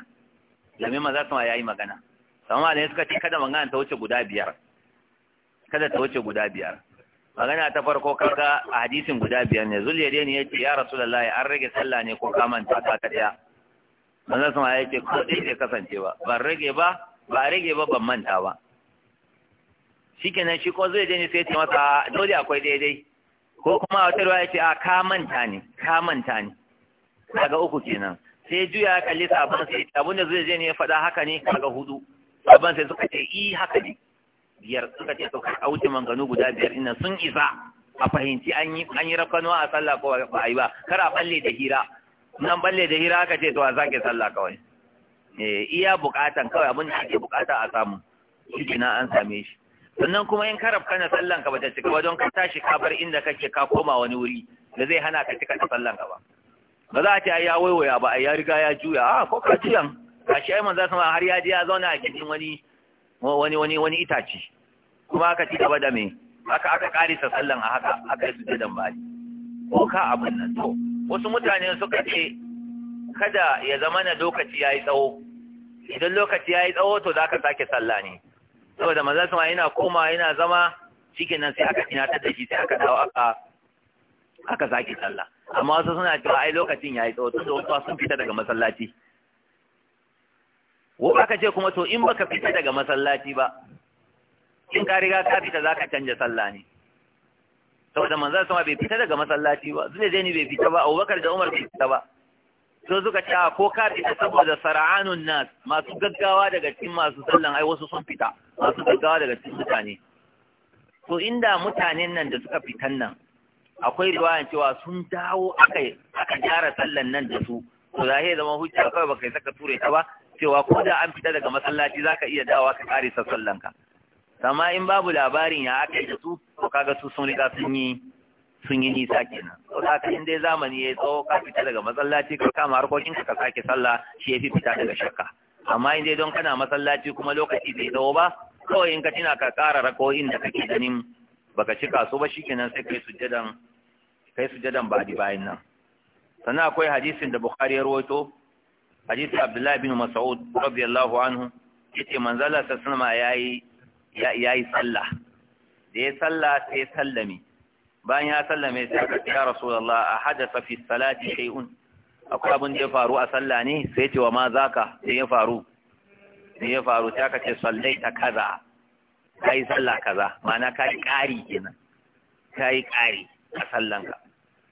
lamin maza su ma ya yi magana sama da suka ce kada magana ta wuce guda biyar kada ta wuce guda biyar magana ta farko kaga a hadisin guda biyar ne dai-dai ne yace ya rasulullahi an rage sallah ne ko ka manta ka daya manzo sun ya ce ko dai bai kasance ba ban rage ba ba rage ba ban manta ba shikenan shi ko zai je ne sai ya ce masa dole akwai daidai ko kuma wata ruwa yace a ka manta ne ka manta ne kaga uku kenan sai juya ya kalli sabon sai abin da zai je ne ya faɗa haka ne kaga hudu sabon sai suka ce i haka ne biyar suka ce suka ka manganu guda biyar ina sun isa a fahimci an yi an yi rafkanuwa a sallah ko ba yi ba kar a balle da hira nan balle da hira aka ce to a zake sallah kawai eh iya bukatan kawai abin da ake bukata a samu shi an same shi sannan kuma in karab kana sallan ka bata cika ba don ka tashi ka bar inda kake ka koma wani wuri da zai hana ka cika sallan ka ba ba za a ce ai ya waiwaya ba ai ya riga ya juya a ah, ko ka juyan kashi ai manzo sama har ya je ya zauna a cikin wani wani wani wani itaci kuma aka ci gaba da me aka aka karisa sallan a haka aka yi sujudan bari ko ka abin nan to wasu mutane suka ce kada ya zama na lokaci yayi tsawo idan lokaci yayi tsawo to zaka sake salla ne saboda su ma yana koma yana zama shikenan sai aka tinatar da shi sai aka dawo aka aka sake salla. amma wasu suna cewa ai lokacin yayi tsawo to wasu sun fita daga masallaci wa aka ce kuma to in baka fita daga masallaci ba in ka riga ka fita zaka canja sallah ne saboda manzon sama bai fita daga masallaci ba zai zai ni bai fita ba Abubakar da Umar bai fita ba to suka ce ko ka fita saboda sara'anun nas masu gaggawa daga cikin masu sallan ai wasu sun fita masu gaggawa daga cikin mutane to inda mutanen nan da suka fitan nan akwai riwayan cewa sun dawo aka aka gyara sallan nan da su to zahiri zama hujja kawai baka yi saka ture ta ba cewa ko da an fita daga masallaci zaka iya dawa ka kare ka. amma in babu labarin ya aka da su to kaga su sun riga sun yi sun yi nisa kenan to haka in dai zamani ya tsawo ka fita daga masallaci ka kama harkokin ka sake sallah shi yafi fita daga shakka amma in dai don kana masallaci kuma lokaci bai dawo ba kawai in ka tina ka ƙara rakoyin da kake ganin baka cika su ba shikenan sai kai sujjadan kai sujjadan ba di bayan nan sannan akwai hadisin da Bukhari ya rawaito hadisi abdullahi bin mas'ud radiyallahu anhu yace manzala ta sunama yayi yayi sallah da ya sallah sai sallame bayan ya sallame sai aka ce ya rasulullah a hadasa fi salati shay'un akwai abin da ya faru a sallah ne sai ce wa ma zaka sai ya faru sai ya faru sai aka ce sallaita kaza kai sallah kaza ma'ana kai ƙari kenan kai ƙari a sallanka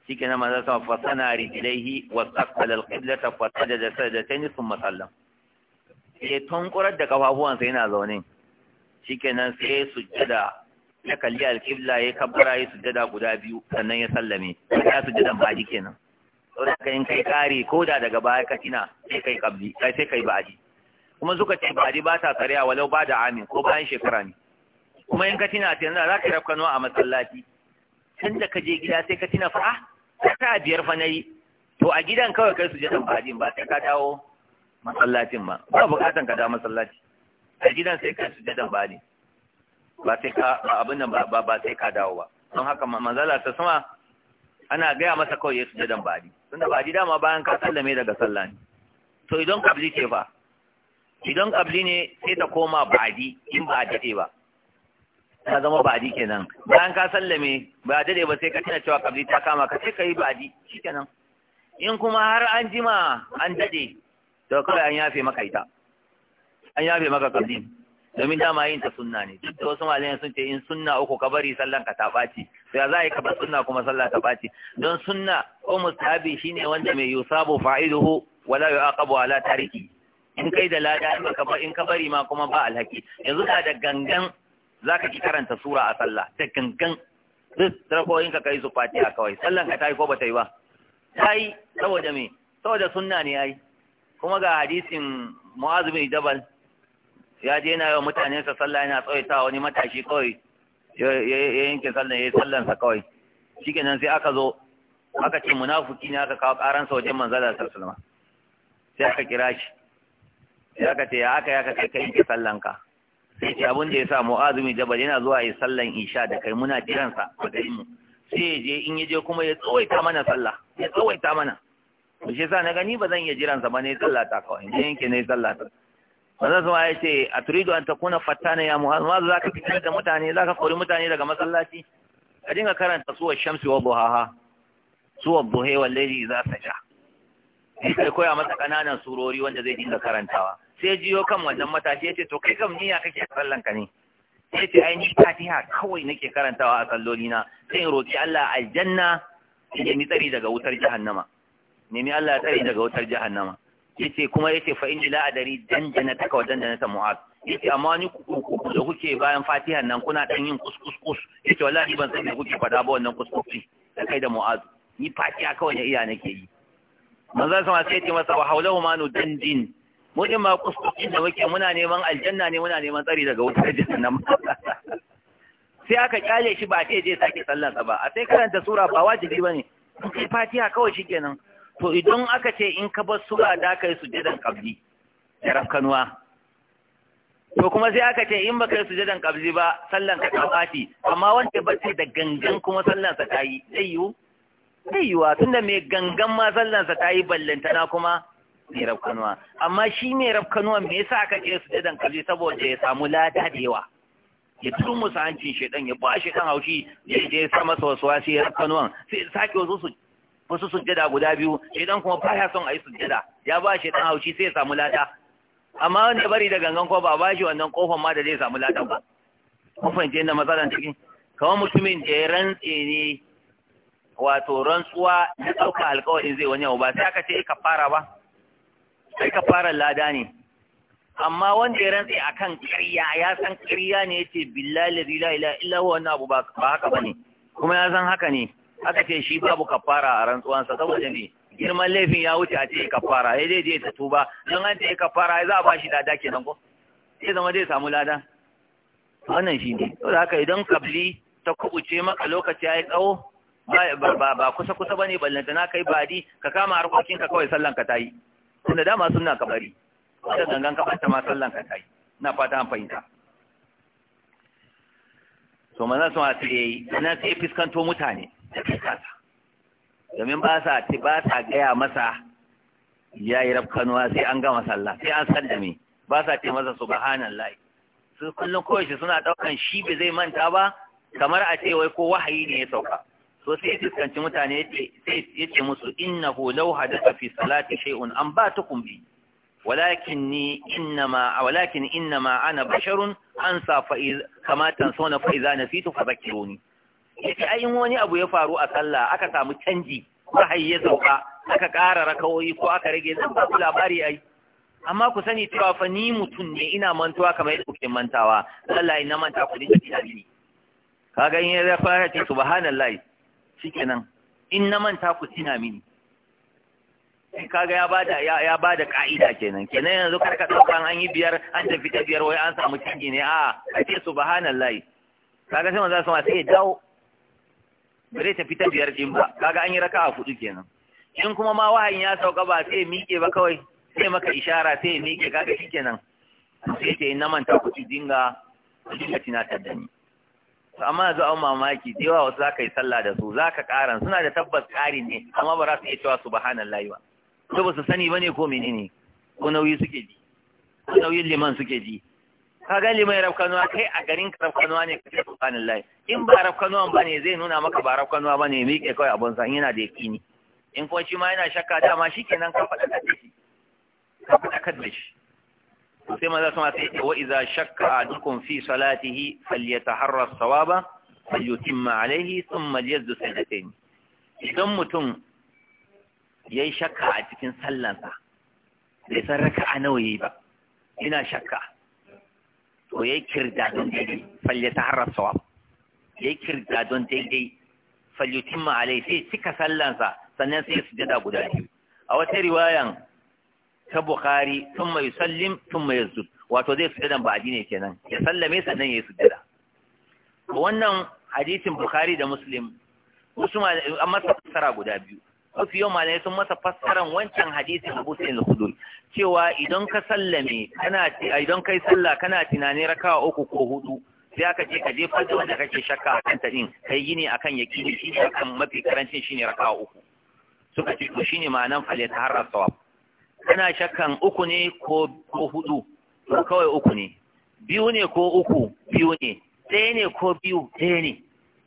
shikenan manzo sa fa sana rijlaihi wa saqala alqiblata fa sajada sajdatayn thumma sallam Ya tunkurar da kafafuwansa yana zaune nan sai sujjada ya kalli alqibla ya kabbara ya sujjada guda biyu sannan ya sallame ya sujjada baji kenan saboda kai kai kare ko da daga baya ka tina sai kai kabli sai sai kai baji kuma suka ce baji ba ta tsariya walau ba da amin ko bayan shekara ne kuma in ka tina ta za ka rafkano a masallaci tun da ka je gida sai ka tina fa'a ah, raka biyar fa nayi to a gidan kawai kai su je da ba sai ka dawo masallacin ma ba bukatan ka dawo masallaci a gidan sai kai su je da ba sai ka abin nan ba ba sai ka dawo ba don haka manzala ta sama ana gaya masa kawai ya su je da fadin da ba dama bayan ka sallame daga sallah ne to idan kabli ce fa idan kabli ne sai ta koma badi in ba a daɗe ba ta zama ba'adi kenan bayan ka sallame ba dade ba sai ka tana cewa kabli ta kama ka sai ka yi ba'adi shikenan in kuma har an jima an dade to kai an yafe maka ita an yafe maka kabli domin dama yin ta sunna ne duk da wasu malamai sun ce in sunna uku ka bari sallan ka ta baci to ya za a ka sunna kuma sallah ta ɓaci don sunna ko mustahabi shine wanda mai yusabu fa'iluhu wala yu'aqabu ala tariki in kai da lada in ka in ka bari ma kuma ba alhaki yanzu da da gangan za ka ki karanta sura a sallah da gangan duk tarafoyin ka kai su fatiha kawai sallan ka ta yi ko ba ta yi ba ta yi saboda me saboda sunna ne ai kuma ga hadisin mu'azu bin jabal ya je yana yawan mutane sa sallah yana tsawaita wani matashi kawai ya yanke sallan ya yi sallan sa kawai shikenan sai aka zo aka ce munafuki ne aka kawo karan sa wajen manzalar sallallahu sai aka kira shi sai aka ce ya aka ya ka kai kai yanke sallan ka sai ce abin da ya sa mu'azu mai jabal yana zuwa ya sallan isha da kai muna jiransa a garin mu sai ya je in ya je kuma ya tsawaita mana sallah ya tsawaita mana to shi sa na gani ba zan iya jiransa ba ne sallah ta kawai in yanke ne sallah ta manzon su ya ce a turidu an takuna fattana ya mu'azu mazu za ka fitar da mutane za ka kori mutane daga masallaci ka dinga karanta suwa shamsi wa buhaha suwa buhe wallahi za ta sha sai koya masa ƙananan surori wanda zai dinga karantawa sai jiyo kan wannan matashi ya ce to kai kam niyya kake a sallan ka ne sai ce ai ni fatiha kawai nake karantawa a salloli na sai in roki Allah aljanna in nemi tsari daga wutar jahannama nemi Allah ya tsari daga wutar jahannama yace kuma yace fa inni la adari dandana taka wa dandana ta mu'az yace amma ni ku da kuke bayan fatiha nan kuna dan yin kuskus yace wallahi ban san me kuke faɗa ba wannan kuskusi da kai da mu'az ni fatiha kawai ne iya nake yi manzon sama sai yace masa wa haulahu ma nu dandin mu din ma kuskuki da muke muna neman aljanna ne muna neman tsari daga wutar jahannam *laughs* sai aka kyale shi ba sai je sake sallarsa ba a sai karanta sura ba wajibi bane sai fatiha kawai shikenan to idan aka ce in ka bar sura da kai sujudan qabli da rafkanuwa to kuma sai aka ce in baka yi sujudan qabli ba sallan ka kafati amma wanda ba sai da gangan kuma sallan sa tayi zai yiwu zai tunda mai gangan ma sallan sa tayi ballantana kuma mai rafkanuwa amma shi mai rafkanuwa me yasa aka ce su dadan kaji saboda ya samu lada da yawa ya turu musu hancin shedan ya ba shi kan haushi ya je sama sa wasu wasu ya rafkanuwa sai ya sake wasu su wasu sujjada guda biyu shedan kuma baya son a yi sujjada ya ba shedan haushi sai ya samu lada amma wanda bari da gangan ko ba ba shi wannan kofan ma da zai samu lada ba kun fahimci yadda matsalan cikin kawai mutumin da ya rantse ne wato rantsuwa na ɗauka alkawarin zai wani abu ba sai aka ce ka fara ba sai ka fara lada ne amma wanda ya a kan ƙarya ya san ƙarya ne ya ce, billahi la ila illa huwa wannan abu ba haka ba ne." kuma ya san haka ne aka ce shi babu kafara a rantsuwansa saboda ne girman laifin ya wuce a ce kafara ya zai je ta tuba don an ce kafara ya za a ba shi lada nan ko sai zama zai samu lada wannan shi ne da haka idan kabli ta kubuce maka lokaci ya yi tsawo ba kusa kusa ba ne, ballantana kai badi ka kama harkokinka kawai sallan ka ta yi wanda dama suna kabari wanda gangan kabanta ma sallan ka tayi ina fata an fahimta to manzon sun ce yayi ina sai fiskanto mutane domin ba sa ti ba sa gaya masa ya yi rafkanuwa sai an gama sallah sai an sallame ba sa ce masa subhanallah su kullum kowace suna daukan shi bai zai manta ba kamar a ce wai ko wahayi ne ya sauka to sai ya fuskanci mutane sai ya ce musu innahu law hadatha fi salati shay'un an ba ta kumbi walakinni innama walakin innama ana basharun ansa fa kama fito fa idza nasitu fadhakkiruni yace ayin wani abu ya faru a sallah aka samu canji wahayi ya zauka aka ƙara rakawoyi ko aka rage zan ba ku labari ai amma ku sani cewa fa ni mutum ne ina mantuwa kamar yadda kuke mantawa Allah na manta ku dinga tunani kaga in ya fara ce subhanallahi shikenan in na manta ku tina mini sai kaga ya bada ya ya bada ka'ida kenan kenan yanzu karka dauka an yi biyar an tafi ta biyar wai an samu canji ne a a ce subhanallahi kaga sai manzo sama sai dawo bare tafi ta biyar din ba kaga an yi raka'a hudu kenan in kuma ma wahayin ya sauka ba sai miƙe ba kawai sai maka ishara sai miƙe kaga shikenan sai ce na manta ku dinga dinga tinatar da ni to amma yanzu an mamaki da yawa wasu ka yi sallah da su Za ka karan suna da tabbas ƙari ne amma ba za su iya cewa su ba to ba su sani ba ne, ko menene ko nauyi suke ji ko nauyin liman suke ji ka ga liman rafkanuwa kai a garin ka rafkanuwa ne kace layi in ba ba ne, zai nuna maka ba ba ne, miƙe kawai abun sa yana da yakini in kuma shi ma yana shakka dama kenan ka faɗa da shi ka faɗa da shi sai maza sama sai ce wa idza shakka dukkan fi salatihi falyataharra as-sawaba falyutimma alayhi thumma liyazdu sajdatayn idan mutum ya yi shakka a cikin sallansa bai san raka'a nawa yayi ba ina shakka to yayi kirda don daidai falyataharra as-sawab yayi kirda don daidai falyutimma alayhi sai cika sallansa sannan sai sujada guda biyu a wata riwayan ta bukhari sun mai sallim sun mai yazzud wato zai sujudan ba'adi ne kenan ya sallame sannan ya yi sujuda wannan hadisin bukhari da muslim wasu an masa fassara guda biyu wasu yau malamai sun masa fassaran wancan hadisin abu sai al-khuduri cewa idan ka sallame kana idan kai sallah kana tunanin rakawa uku ko hudu sai aka ce ka je da wanda kake shakka a ta din kai gini akan yaqini shi akan mafi karancin shine rakawa uku suka ce to shine ma'anan ta har sawab kana shakkan uku ne ko hudu to kawai uku ne biyu ne ko uku biyu ne ɗaya ne ko biyu ɗaya ne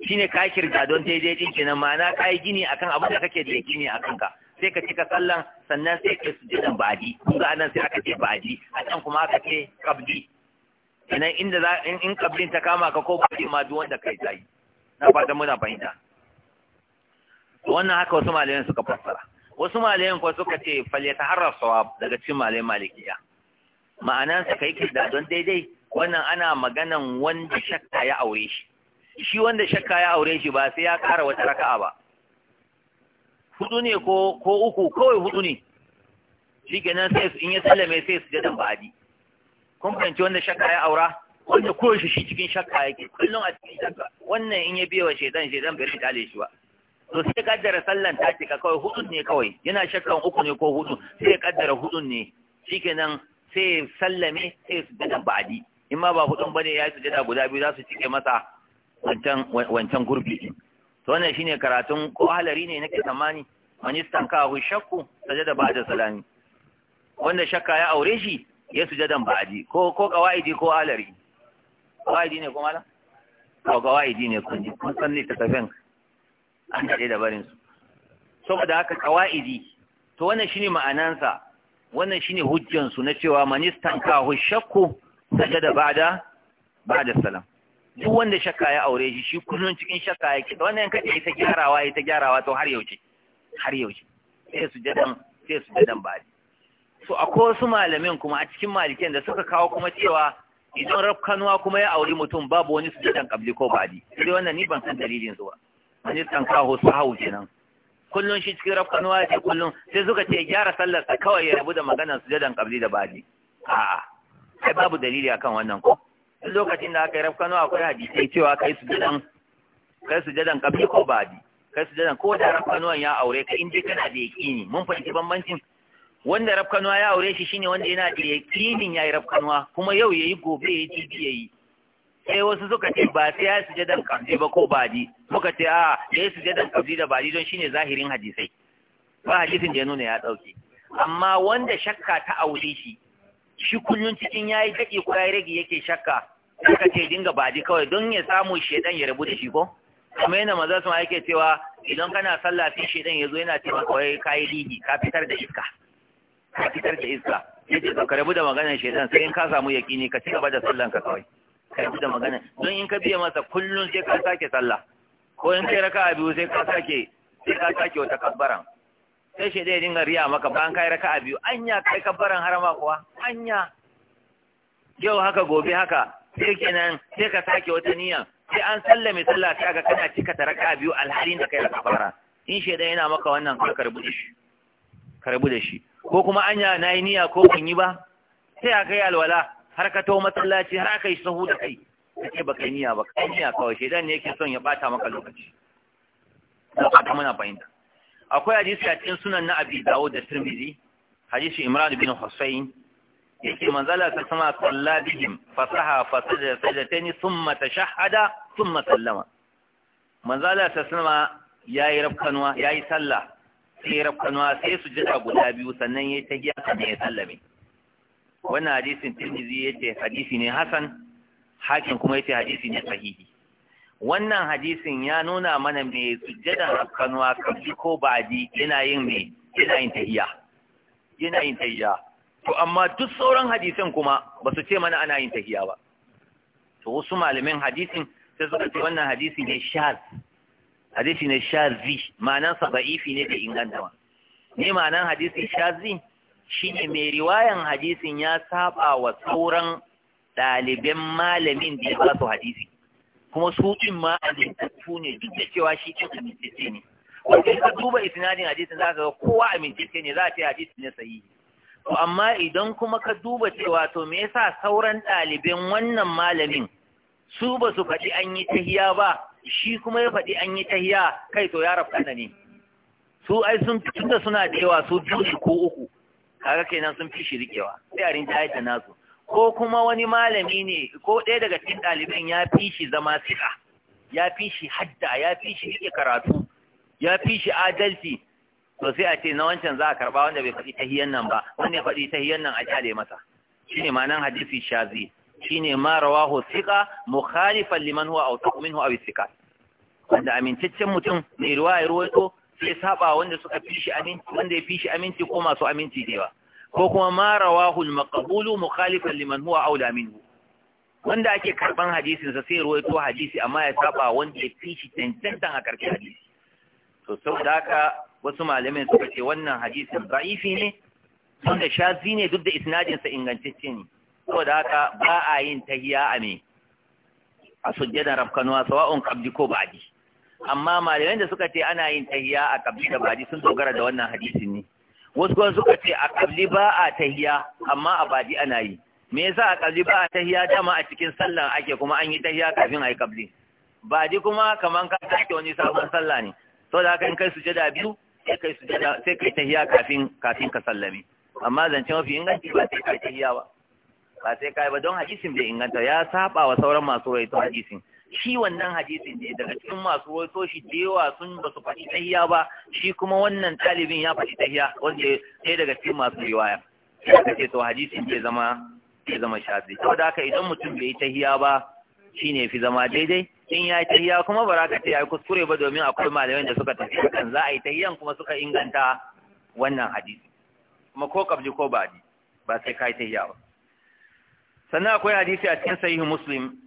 shine ka kirga don daidai din kenan ma'ana ka yi gini akan abin da kake da gini a kanka sai ka cika sallan sannan sai ka jidan baji kun ga nan sai aka ce baji a can kuma aka ce kabdi kenan inda za in kabdin ta kama ka ko baji ma duk wanda kai zai na fata muna fahimta wannan haka wasu malamin suka fassara wasu malayan kuwa suka ce falle ta harar sawab daga cikin malayan malikiya ma'anan sa kai kida don daidai wannan ana maganan wanda shakka ya aure shi shi wanda shakka ya aure shi ba sai ya kara wata raka'a ba hudu ne ko ko uku kawai hudu ne Shi shikenan sai in ya sallame sai su jadan ba'adi kun fahimci wanda shakka ya aura wanda koyaushe shi cikin shakka yake kullum a cikin shakka wannan in ya biya wa shaidan shaidan bai rika shi ba to sai kaddara sallan ta cika kawai hudun ne kawai yana shakkan uku ne ko hudu sai kaddara hudun ne shikenan sai sallame sai su gada ba'adi in ma ba hudun bane ya su sujada guda biyu za su cike masa wancan wancan gurbi to wannan shine karatun ko halari ne nake tsammani manistan ka hu shakku sujada ba'da salami wanda shakka ya aure shi ya sujadan ba'adi ko ko kawaidi ko halari kawaidi ne ko mala ko kawaidi ne kun san ne ta tafin an haɗe da barin su saboda haka kawaidi to wannan shine ma'anansa wannan shine hujjan su na cewa manistan ka hu shakku da ba'da ba'da salam duk wanda shakka ya aure shi shi kullun cikin shakka yake wannan kace ita gyarawa ita gyarawa to har yauce, har yauce, sai su sujadan sai su sujadan ba so akwai wasu malamin kuma a cikin malikin da suka kawo kuma cewa idan rafkanuwa kuma ya auri mutum babu wani sujadan kabli ko ba'di sai wannan ni ban san dalilin zuwa ba wani kawo su hau kenan kullum shi cikin rafkanuwa ce kullum sai suka ce gyara sallar sa, kawai ya rabu da maganar sujadan kabli da baji a'a kai babu dalili akan wannan ko duk lokacin da aka yi rafkanuwa akwai hadisai cewa kai sujadan kai jadan kabli ko baji kai sujadan ko da rafkanuwan ya aure ka in dai kana da yaƙini mun fahimci bambancin wanda rafkanuwa ya aure shi shine wanda yana da yaƙinin yi rafkanuwa kuma yau ya yi gobe ya yayi ya yi. sai wasu suka ce ba sai ya sujadan kabli ba ko baji muka ce a da ya sujada kabli da bari don shine zahirin hadisai ba hadisin da ya nuna ya dauke amma wanda shakka ta aure shi shi kullun cikin yayi daki ko yi rage yake shakka suka ce dinga badi kawai don ya samu shedan ya rabu da shi ko kuma yana maza su yake cewa idan kana sallah sai shedan yazo yana ce maka wai kai lihi ka fitar da iska ka fitar da iska yace ka rabu da maganar shedan sai in ka samu yaqini ka ci gaba da sallanka kawai ka rabu da maganar don in ka biya masa kullun sai ka sake sallah ko in kai a biyu sai ka sake sai ka sake wata kabbaran sai shi dai dinga riya maka bayan kai a biyu anya kai kabbaran ma kuwa anya yau haka gobe haka sai kenan sai ka sake wata niyya sai an sallame sallah sai ga kana cika ta a biyu alhalin da kai kabbara in shi dai yana maka wannan ka karbu da shi karbu da shi ko kuma anya nayi niyya ko kun yi ba sai aka yi alwala har ka to masallaci har aka yi sahu da kai kake baka niyya ba kai niyya kawai shedan ne yake son ya bata maka lokaci na fata muna fahimta akwai hadisi a cikin sunan na Abi Dawud da Tirmidhi hadisi Imran bin Husayn yake manzala ta sama salla bihim fasaha fasajada sajdatayn thumma tashahhada thumma sallama manzala ta sama yayi rafkanwa yayi sallah sai rabkanwa sai sujada guda biyu sannan yayi tahiya sannan ya sallame wannan hadisin Tirmidhi yake hadisi ne hasan hakin kuma yace hadisi ne sahihi wannan hadisin ya nuna mana mai sujjadan rafkanuwa kabli ko baji yana yin mai yana yin tahiyya yana yin tahiyya to amma duk sauran hadisan kuma ba su ce mana ana yin tahiyya ba to wasu malamin hadisin sai suka ce wannan hadisi ne shaz hadisi ne shazi ma'anan sa ba'ifi ne da inganta ma ne ma'anan hadisi shazi shine mai riwayan hadisin ya saba wa sauran ɗaliban malamin da ya ba su hadisi kuma su ɗin ma amintattu ne duk da cewa shi ɗin amintacce ne wanda ka duba isnadin hadisin za ka ga kowa amintacce ne za a ce hadisi ne sayi. to amma idan kuma ka duba cewa to me yasa sauran ɗaliban wannan malamin su ba su faɗi an yi tahiya ba shi kuma ya faɗi an yi tahiya kai to ya rafa ne su ai sun tunda suna da yawa su biyu ko uku kaga kenan sun fi shirikewa sai a rinta ayyata nasu ko kuma wani malami ne ko ɗaya daga cikin ɗaliban ya fi shi zama siƙa ya fi shi hadda ya fi shi riƙe karatu ya fi shi adalci to sai a ce na wancan za a karɓa wanda bai faɗi tahiyan nan ba wanda ya faɗi tahiyan nan a kyale masa shine nan hadisi shazi shine ma rawahu thiqa mukhalifan liman huwa awthaq minhu aw thiqat wanda amintaccen mutum mai ruwa ya ruwaito sai saba wanda suka fi shi aminci wanda ya fi shi aminci ko masu aminci dewa ko kuma ma rawahul maqbulu mukhalifan liman huwa aula minhu wanda ake karban hadisin sa sai ruwaito hadisi amma ya saba wanda ya fishi tantantan a karshen hadisi to saboda haka wasu malamai suka ce wannan hadisin da'ifi ne wanda shazi ne duk da isnadin sa ingantacce ne saboda haka ba a yin tahiya a me a sujjadan rafkanuwa sawa'un qabli ko ba'di amma malamai da suka ce ana yin tahiya a qabli da ba'di sun dogara da wannan hadisin ne wasu kuma suka ce a kabli ba a tahiya amma a baɗi ana yi me yasa a kabli ba a tahiya dama a cikin sallan ake kuma an yi tahiya kafin a yi kabli badi kuma kamar ka sake wani sabon sallah ne saboda haka in kai sujada biyu sai kai sujada sai kai tahiya kafin kafin ka sallame amma zance mafi inganci ba sai kai tahiya ba ba sai kai ba don hadisin bai inganta ya saba wa sauran masu rawaito hadisin shi wannan hadisin ne daga cikin masu wato shi da yawa sun ba su faɗi tahiya ba shi kuma wannan talibin ya faɗi tahiya wanda ɗaya daga cikin masu riwaya aka ce to hadisin ke zama ke zama shazi da haka idan mutum bai tahiya ba shine fi zama daidai in ya yi tahiya kuma ba ka ce ya yi kuskure ba domin akwai malamai da suka tafi kan za a yi tahiyan kuma suka inganta wannan hadisi kuma ko kabji ko ba ba sai ka yi tahiya ba sannan akwai hadisi a cikin sahihu muslim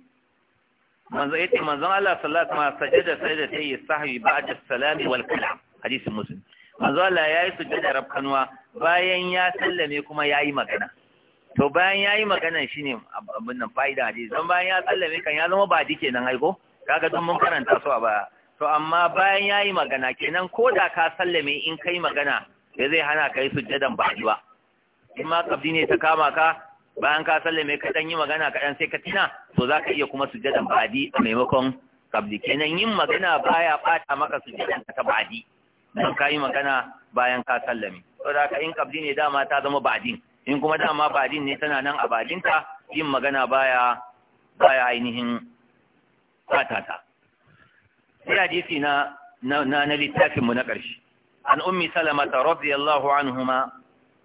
manzo yace manzon Allah sallallahu alaihi wasallam sajada sajada ta yi sahwi ba'da salami wal kalam hadisi muslim manzo Allah yayi sujada rabkanwa bayan ya sallame kuma yayi magana to bayan yayi magana shine abin nan fa'ida hadisi don bayan ya sallame kan ya zama ba dike nan aiko kaga don mun karanta su a baya to amma bayan yayi magana kenan ko da ka sallame in kai magana ya zai hana kai sujjadan ba ba in ma kabdi ne ta kama ka bayan ka sallame ka dan yi magana ka dan sai ka tina to zaka iya kuma sujjadan ba'di a maimakon kabdi kenan yin magana baya bata maka sujjadan ta ba'di dan ka yi magana bayan ka sallame saboda ka in kabdi ne dama ta zama ba'din in kuma dama ba'din ne tana nan a ba'dinta yin magana baya baya ainihin bata ta sai hadisi na na na littafin mu na karshe an ummi salama radiyallahu anhuma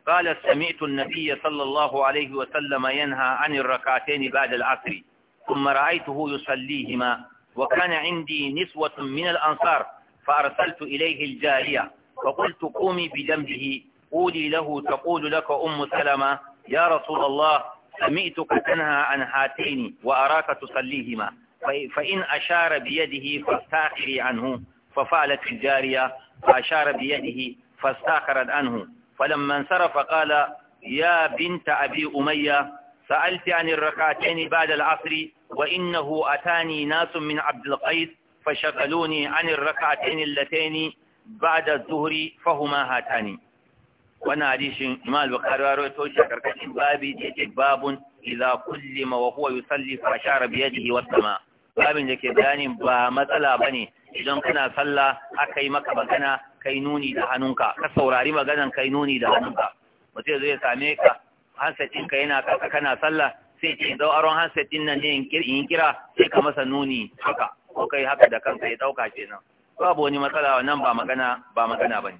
قال سمعت النبي صلى الله عليه وسلم ينهى عن الركعتين بعد العصر ثم رأيته يصليهما وكان عندي نسوة من الأنصار فأرسلت إليه الجارية فقلت قومي بجنبه قولي له تقول لك أم سلمة يا رسول الله سمعتك تنهى عن هاتين وأراك تصليهما فإن أشار بيده فاستأخري عنه ففعلت الجارية فأشار بيده فاستأخرت عنه فلما انصرف قال يا بنت أبي أمية سألت عن الركعتين بعد العصر وإنه أتاني ناس من عبد القيس فشغلوني عن الركعتين اللتين بعد الظهر فهما هاتان وانا حديث مال وقرار توشكر كشف بابي باب إذا كلم وهو يصلي فأشار بيده والسماء babin da ke bayanin ba matsala ba ne idan kana sallah aka yi maka magana kai nuni da hannunka ka saurari maganan kai nuni da hannunka mutum zai same ka handset ɗinka yana kasa kana sallah sai ce dau aron handset ɗin nan ne in kira sai ka masa nuni haka ko kai haka da kanka ya ɗauka kenan babu wani matsala wannan ba magana ba magana bane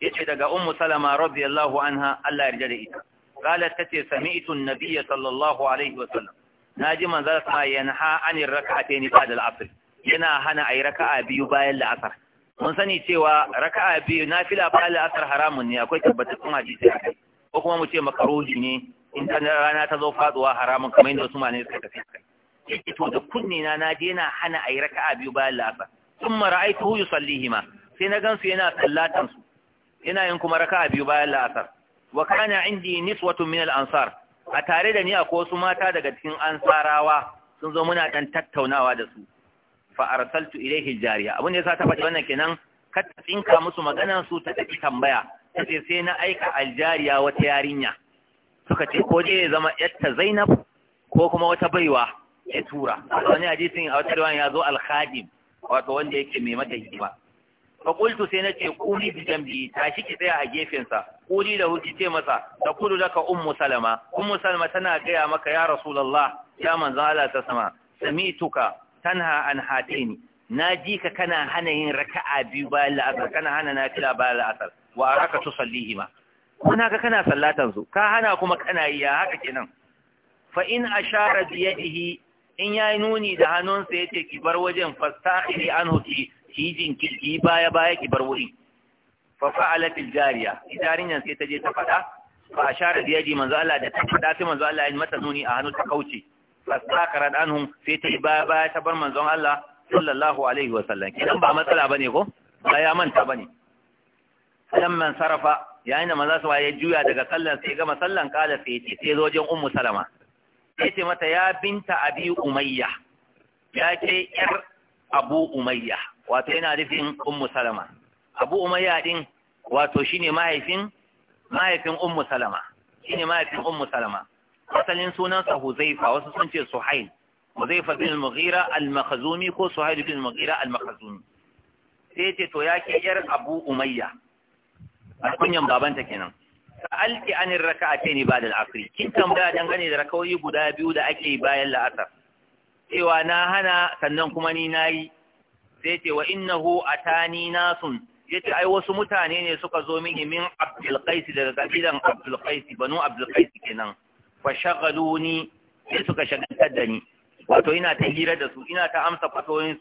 yace daga ummu salama radiyallahu anha Allah ya yarda da ita قالت تتي سمعت النبي صلى الله عليه وسلم ناجي من ذلك ما ينهى عن الركعتين بعد العصر yana hana a yi raka'a biyu bayan la'asar mun sani cewa raka'a biyu na fila la'asar haramun ne akwai tabbatattun hadisai a kai ko kuma mu ce makaruhi ne in ta rana ta zo faduwa haramun kamar yadda wasu mane suka tafi kai to da kunne na na je na hana a yi raka'a biyu bayan la'asar sun mara'aituhu yusallihima sai na gansu yana sallatan su yana yin kuma raka'a biyu bayan la'asar wa kana indi niswatun min al-ansar a tare da ni akwai wasu mata daga cikin ansarawa sun zo muna dan tattaunawa da su fa arsaltu ilayhi jariya abin da yasa ta faɗi wannan kenan ka tsinka musu maganan su ta tafi tambaya tace sai na aika aljariya wata yarinya suka ce ko dai ya zama yatta Zainab ko kuma wata baiwa ya tura wani hadisin a wata riwaya ya zo al-khadim wato wanda yake mai mata hikima fa qultu sai na ce quli bi jambi tashi ki tsaya a gefen sa quli da huki ce masa ta kudu laka ummu salama ummu salama tana gaya maka ya rasulullah ya manzo Allah ta sama samituka tanha an hataini na ji ka kana hana yin raka'a biyu bayan la'asar kana hana na nafila bayan la'asar wa araka tusallihima kuna ka kana sallatan su ka hana kuma kana yi ya haka kenan fa in ashara bi yadihi in yayi nuni da hannunsa ce ki bar wajen fasta'ili anhu ki ki jinki ki baya baya ki bar wuri fa fa'alat al-jariya idarinyan sai ta je ta fada fa ashara bi yadi manzo Allah da ta fada sai manzo Allah ya mata nuni a hannu ta kauce fasakarat anhum sai ta yi baya ta bar manzon Allah sallallahu alaihi wa sallam kidan ba matsala bane ko ba ya manta bane man sarafa yayin da manzo sa ya juya daga sallan sai gama sallan kala sai ce sai zojin ummu salama sai ce mata ya binta abi umayya ya ce yar abu umayya wato yana rufin ummu salama abu umayya din wato shine mahaifin mahaifin ummu salama shine mahaifin ummu salama asalin sunansa huzaifa wasu sun ce suhail huzaifa bin al-mughira al-makhzumi ko suhail bin al-mughira al-makhzumi sai ce to ya ke yar abu umayya a kunyan babanta kenan sa'alti anir raka'atayn ba'da al-asr kin tambaya gane da rakawoyi guda biyu da ake bayan la'asar cewa na hana sannan kuma ni nayi sai ce wa innahu atani nasun yace ai wasu mutane ne suka zo mini min abdul qais daga kabilan abdul qais banu abdul qais kenan fa shaghaluni sai suka shagaltar da ni wato ina ta hira da su ina ta amsa fatoyin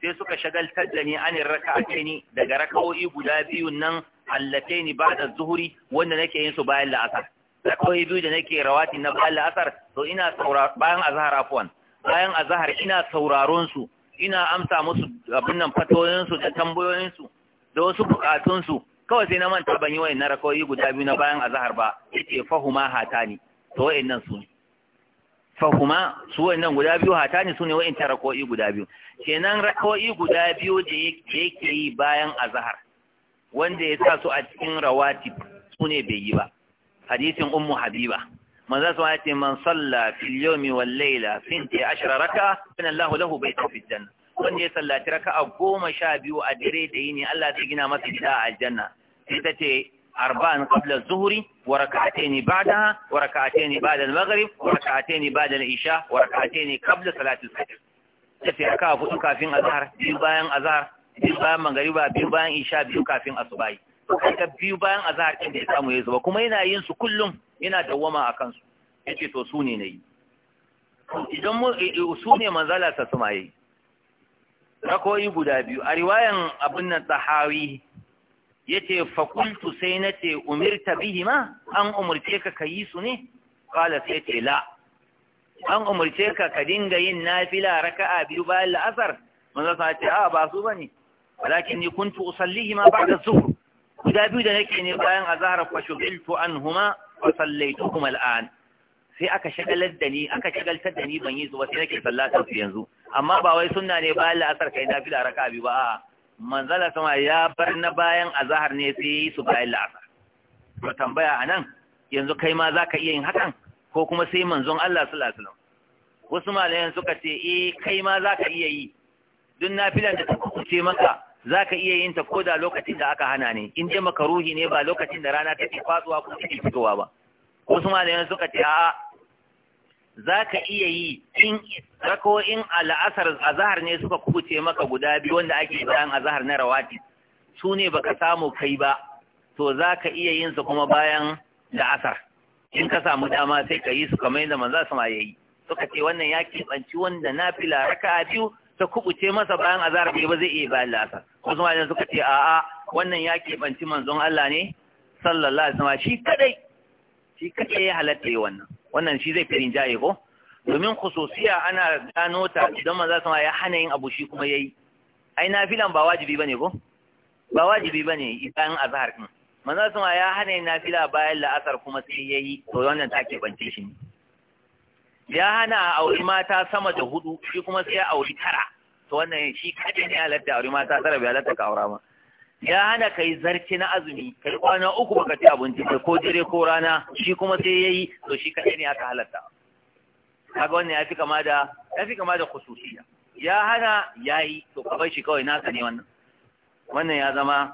sai suka shagaltar da ni anin raka'ataini daga raka'o'i guda biyu nan ba da zuhuri wanda nake yin su bayan la'asar raka'o'i biyu da nake rawati na bayan la'asar to ina saura bayan azhar afwan bayan azhar ina sauraron su ina amsa musu abin nan fatoyin su da tambayoyin su da wasu bukatun su kawai sai na manta ban yi na raka'o'i guda biyu na bayan azhar ba fahu ma hata hatani to wa'annan su ne fahuma su wa'annan guda biyu ne su ne wa'anta rako'i guda biyu kenan rako'i guda biyu da yake yi bayan azahar? wanda ya sa su a cikin rawatib su ne bai yi ba hadisin ummu habiba manzo sun ce man salla fil yawmi wal layla finti raka inna Allahu lahu baytun fil janna wanda ya sallaci raka'a goma sha biyu a dare da yini Allah zai gina masa gida a aljanna sai ta ce arba'an qabla zuhri wa rak'atayn ba'daha wa rak'atayn ba'da al-maghrib wa rak'atayn ba'da al-isha wa rak'atayn qabla salati al-fajr tafi aka hudu kafin azhar biyu bayan azhar biyu bayan magriba biyu bayan isha biyu kafin asubahi kaga biyu bayan azhar din da ya samu ya zuba kuma yana yin su kullum yana dawwama a kansu yace to su ne nayi idan mu su ne manzala sa suma yayi rakoyi guda biyu a riwayan abin nan tahawi yace fakultu sai na nace umirta ma, an umurce ka ka yi su ne qala sai ce la an umurce ka ka dinga yin nafila a biyu bayan la'asar manzo sa ce a ba su bane walakin ni kuntu ma ba da zuhr guda biyu da nake ne bayan azhar fa shughiltu anhuma wa sallaytuhuma al'an sai aka shagalar da ni aka shagaltar da ni ban yi su ba sai nake sallatar su yanzu amma ba wai sunna ne bayan la'asar kai nafila a biyu ba a'a manzala sama ya bar na bayan azahar ne sai yi su bayan la'asar ba tambaya a nan, yanzu kai ma za ka iya yin hakan ko kuma sai manzon Allah sallallahu alaihi wasu malayan suka ce e kai ma za ka iya yi na filan da ta kuce maka ka iya yin ta da lokacin da aka hana ne in maka ruhi ne ba lokacin da rana take fasuwa ko take fitowa ba wasu malayan suka ce a'a za ka iya yi in in al'asar azhar ne suka kubuce maka guda biyu wanda ake bayan azhar na rawati su ne baka samu kai ba to za ka iya yin su kuma bayan da asar. in ka samu dama sai ka yi su kamar yadda manzo su ma yayi suka ce wannan ya keɓanci wanda na fila raka biyu ta kubuce masa bayan azahar bai ba zai iya bayan la'asar wasu ma suka ce a'a wannan ya keɓanci manzon Allah ne sallallahu alaihi wasallam shi kadai shi kadai ya halatta yi wannan wannan shi zai fi ya ko domin khususiya ana gano ta idan su ma ya hana yin abu shi kuma ya yi ai filan ba wajibi ba ne, ko ba wajibi ba ne idan azhar din su ma ya hana yin nafila bayan la'asar kuma sai ya yi to wannan ta ke bance shi ne ya hana a auri mata sama da hudu shi kuma sai ya auri tara to wannan shi kaɗai ne halatta auri mata tara bai halatta ka aura ma ya hana kai zarci na azumi kai kwana uku baka ci abinci ba ko dare ko rana shi kuma sai yayi to shi kadai ne aka halatta kaga wannan ya fi kama da ya fi kama da khususiya ya hana yayi to ka bar shi kawai naka ne wannan wannan ya zama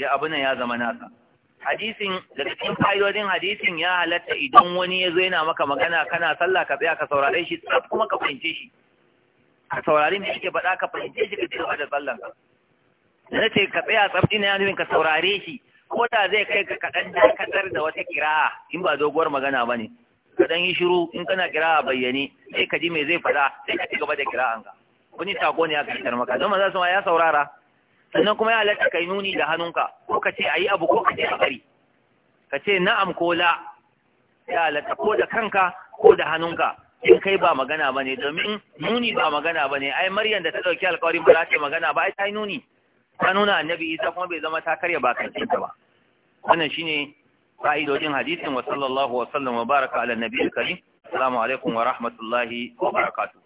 ya abu nan ya zama naka hadisin daga cikin fa'idodin hadisin ya halatta idan wani ya zo yana maka magana kana sallah ka tsaya ka saurare shi kuma ka fahimce shi ka saurare me yake faɗa ka fahimce shi ka tsaya da sallan ka na ce ka tsaya tsafti na yanzu ka saurare shi ko da zai kai ka kaɗan dakatar da wata kira'a in ba doguwar magana ba ne ka ɗan yi shiru in kana kira'a bayyane sai ka ji me zai faɗa sai ka ci gaba da kira'anka wani sako ne aka fitar maka don maza su ma ya saurara sannan kuma ya halatta kai nuni da hannunka ko ka ce a yi abu ko ka ce a bari ka ce na'am ko la ya halatta ko da kanka ko da hannunka in kai ba magana ba ne domin nuni ba magana ba ne ai maryam da ta ɗauki alkawarin ba za ta magana ba ai ta yi nuni ta nuna annabi isa kuma bai zama ta karya bakancin ta ba wannan shine fa'idodin hadisin wa sallallahu wa sallam wa baraka ala nabiyil karim assalamu alaikum wa rahmatullahi wa barakatuh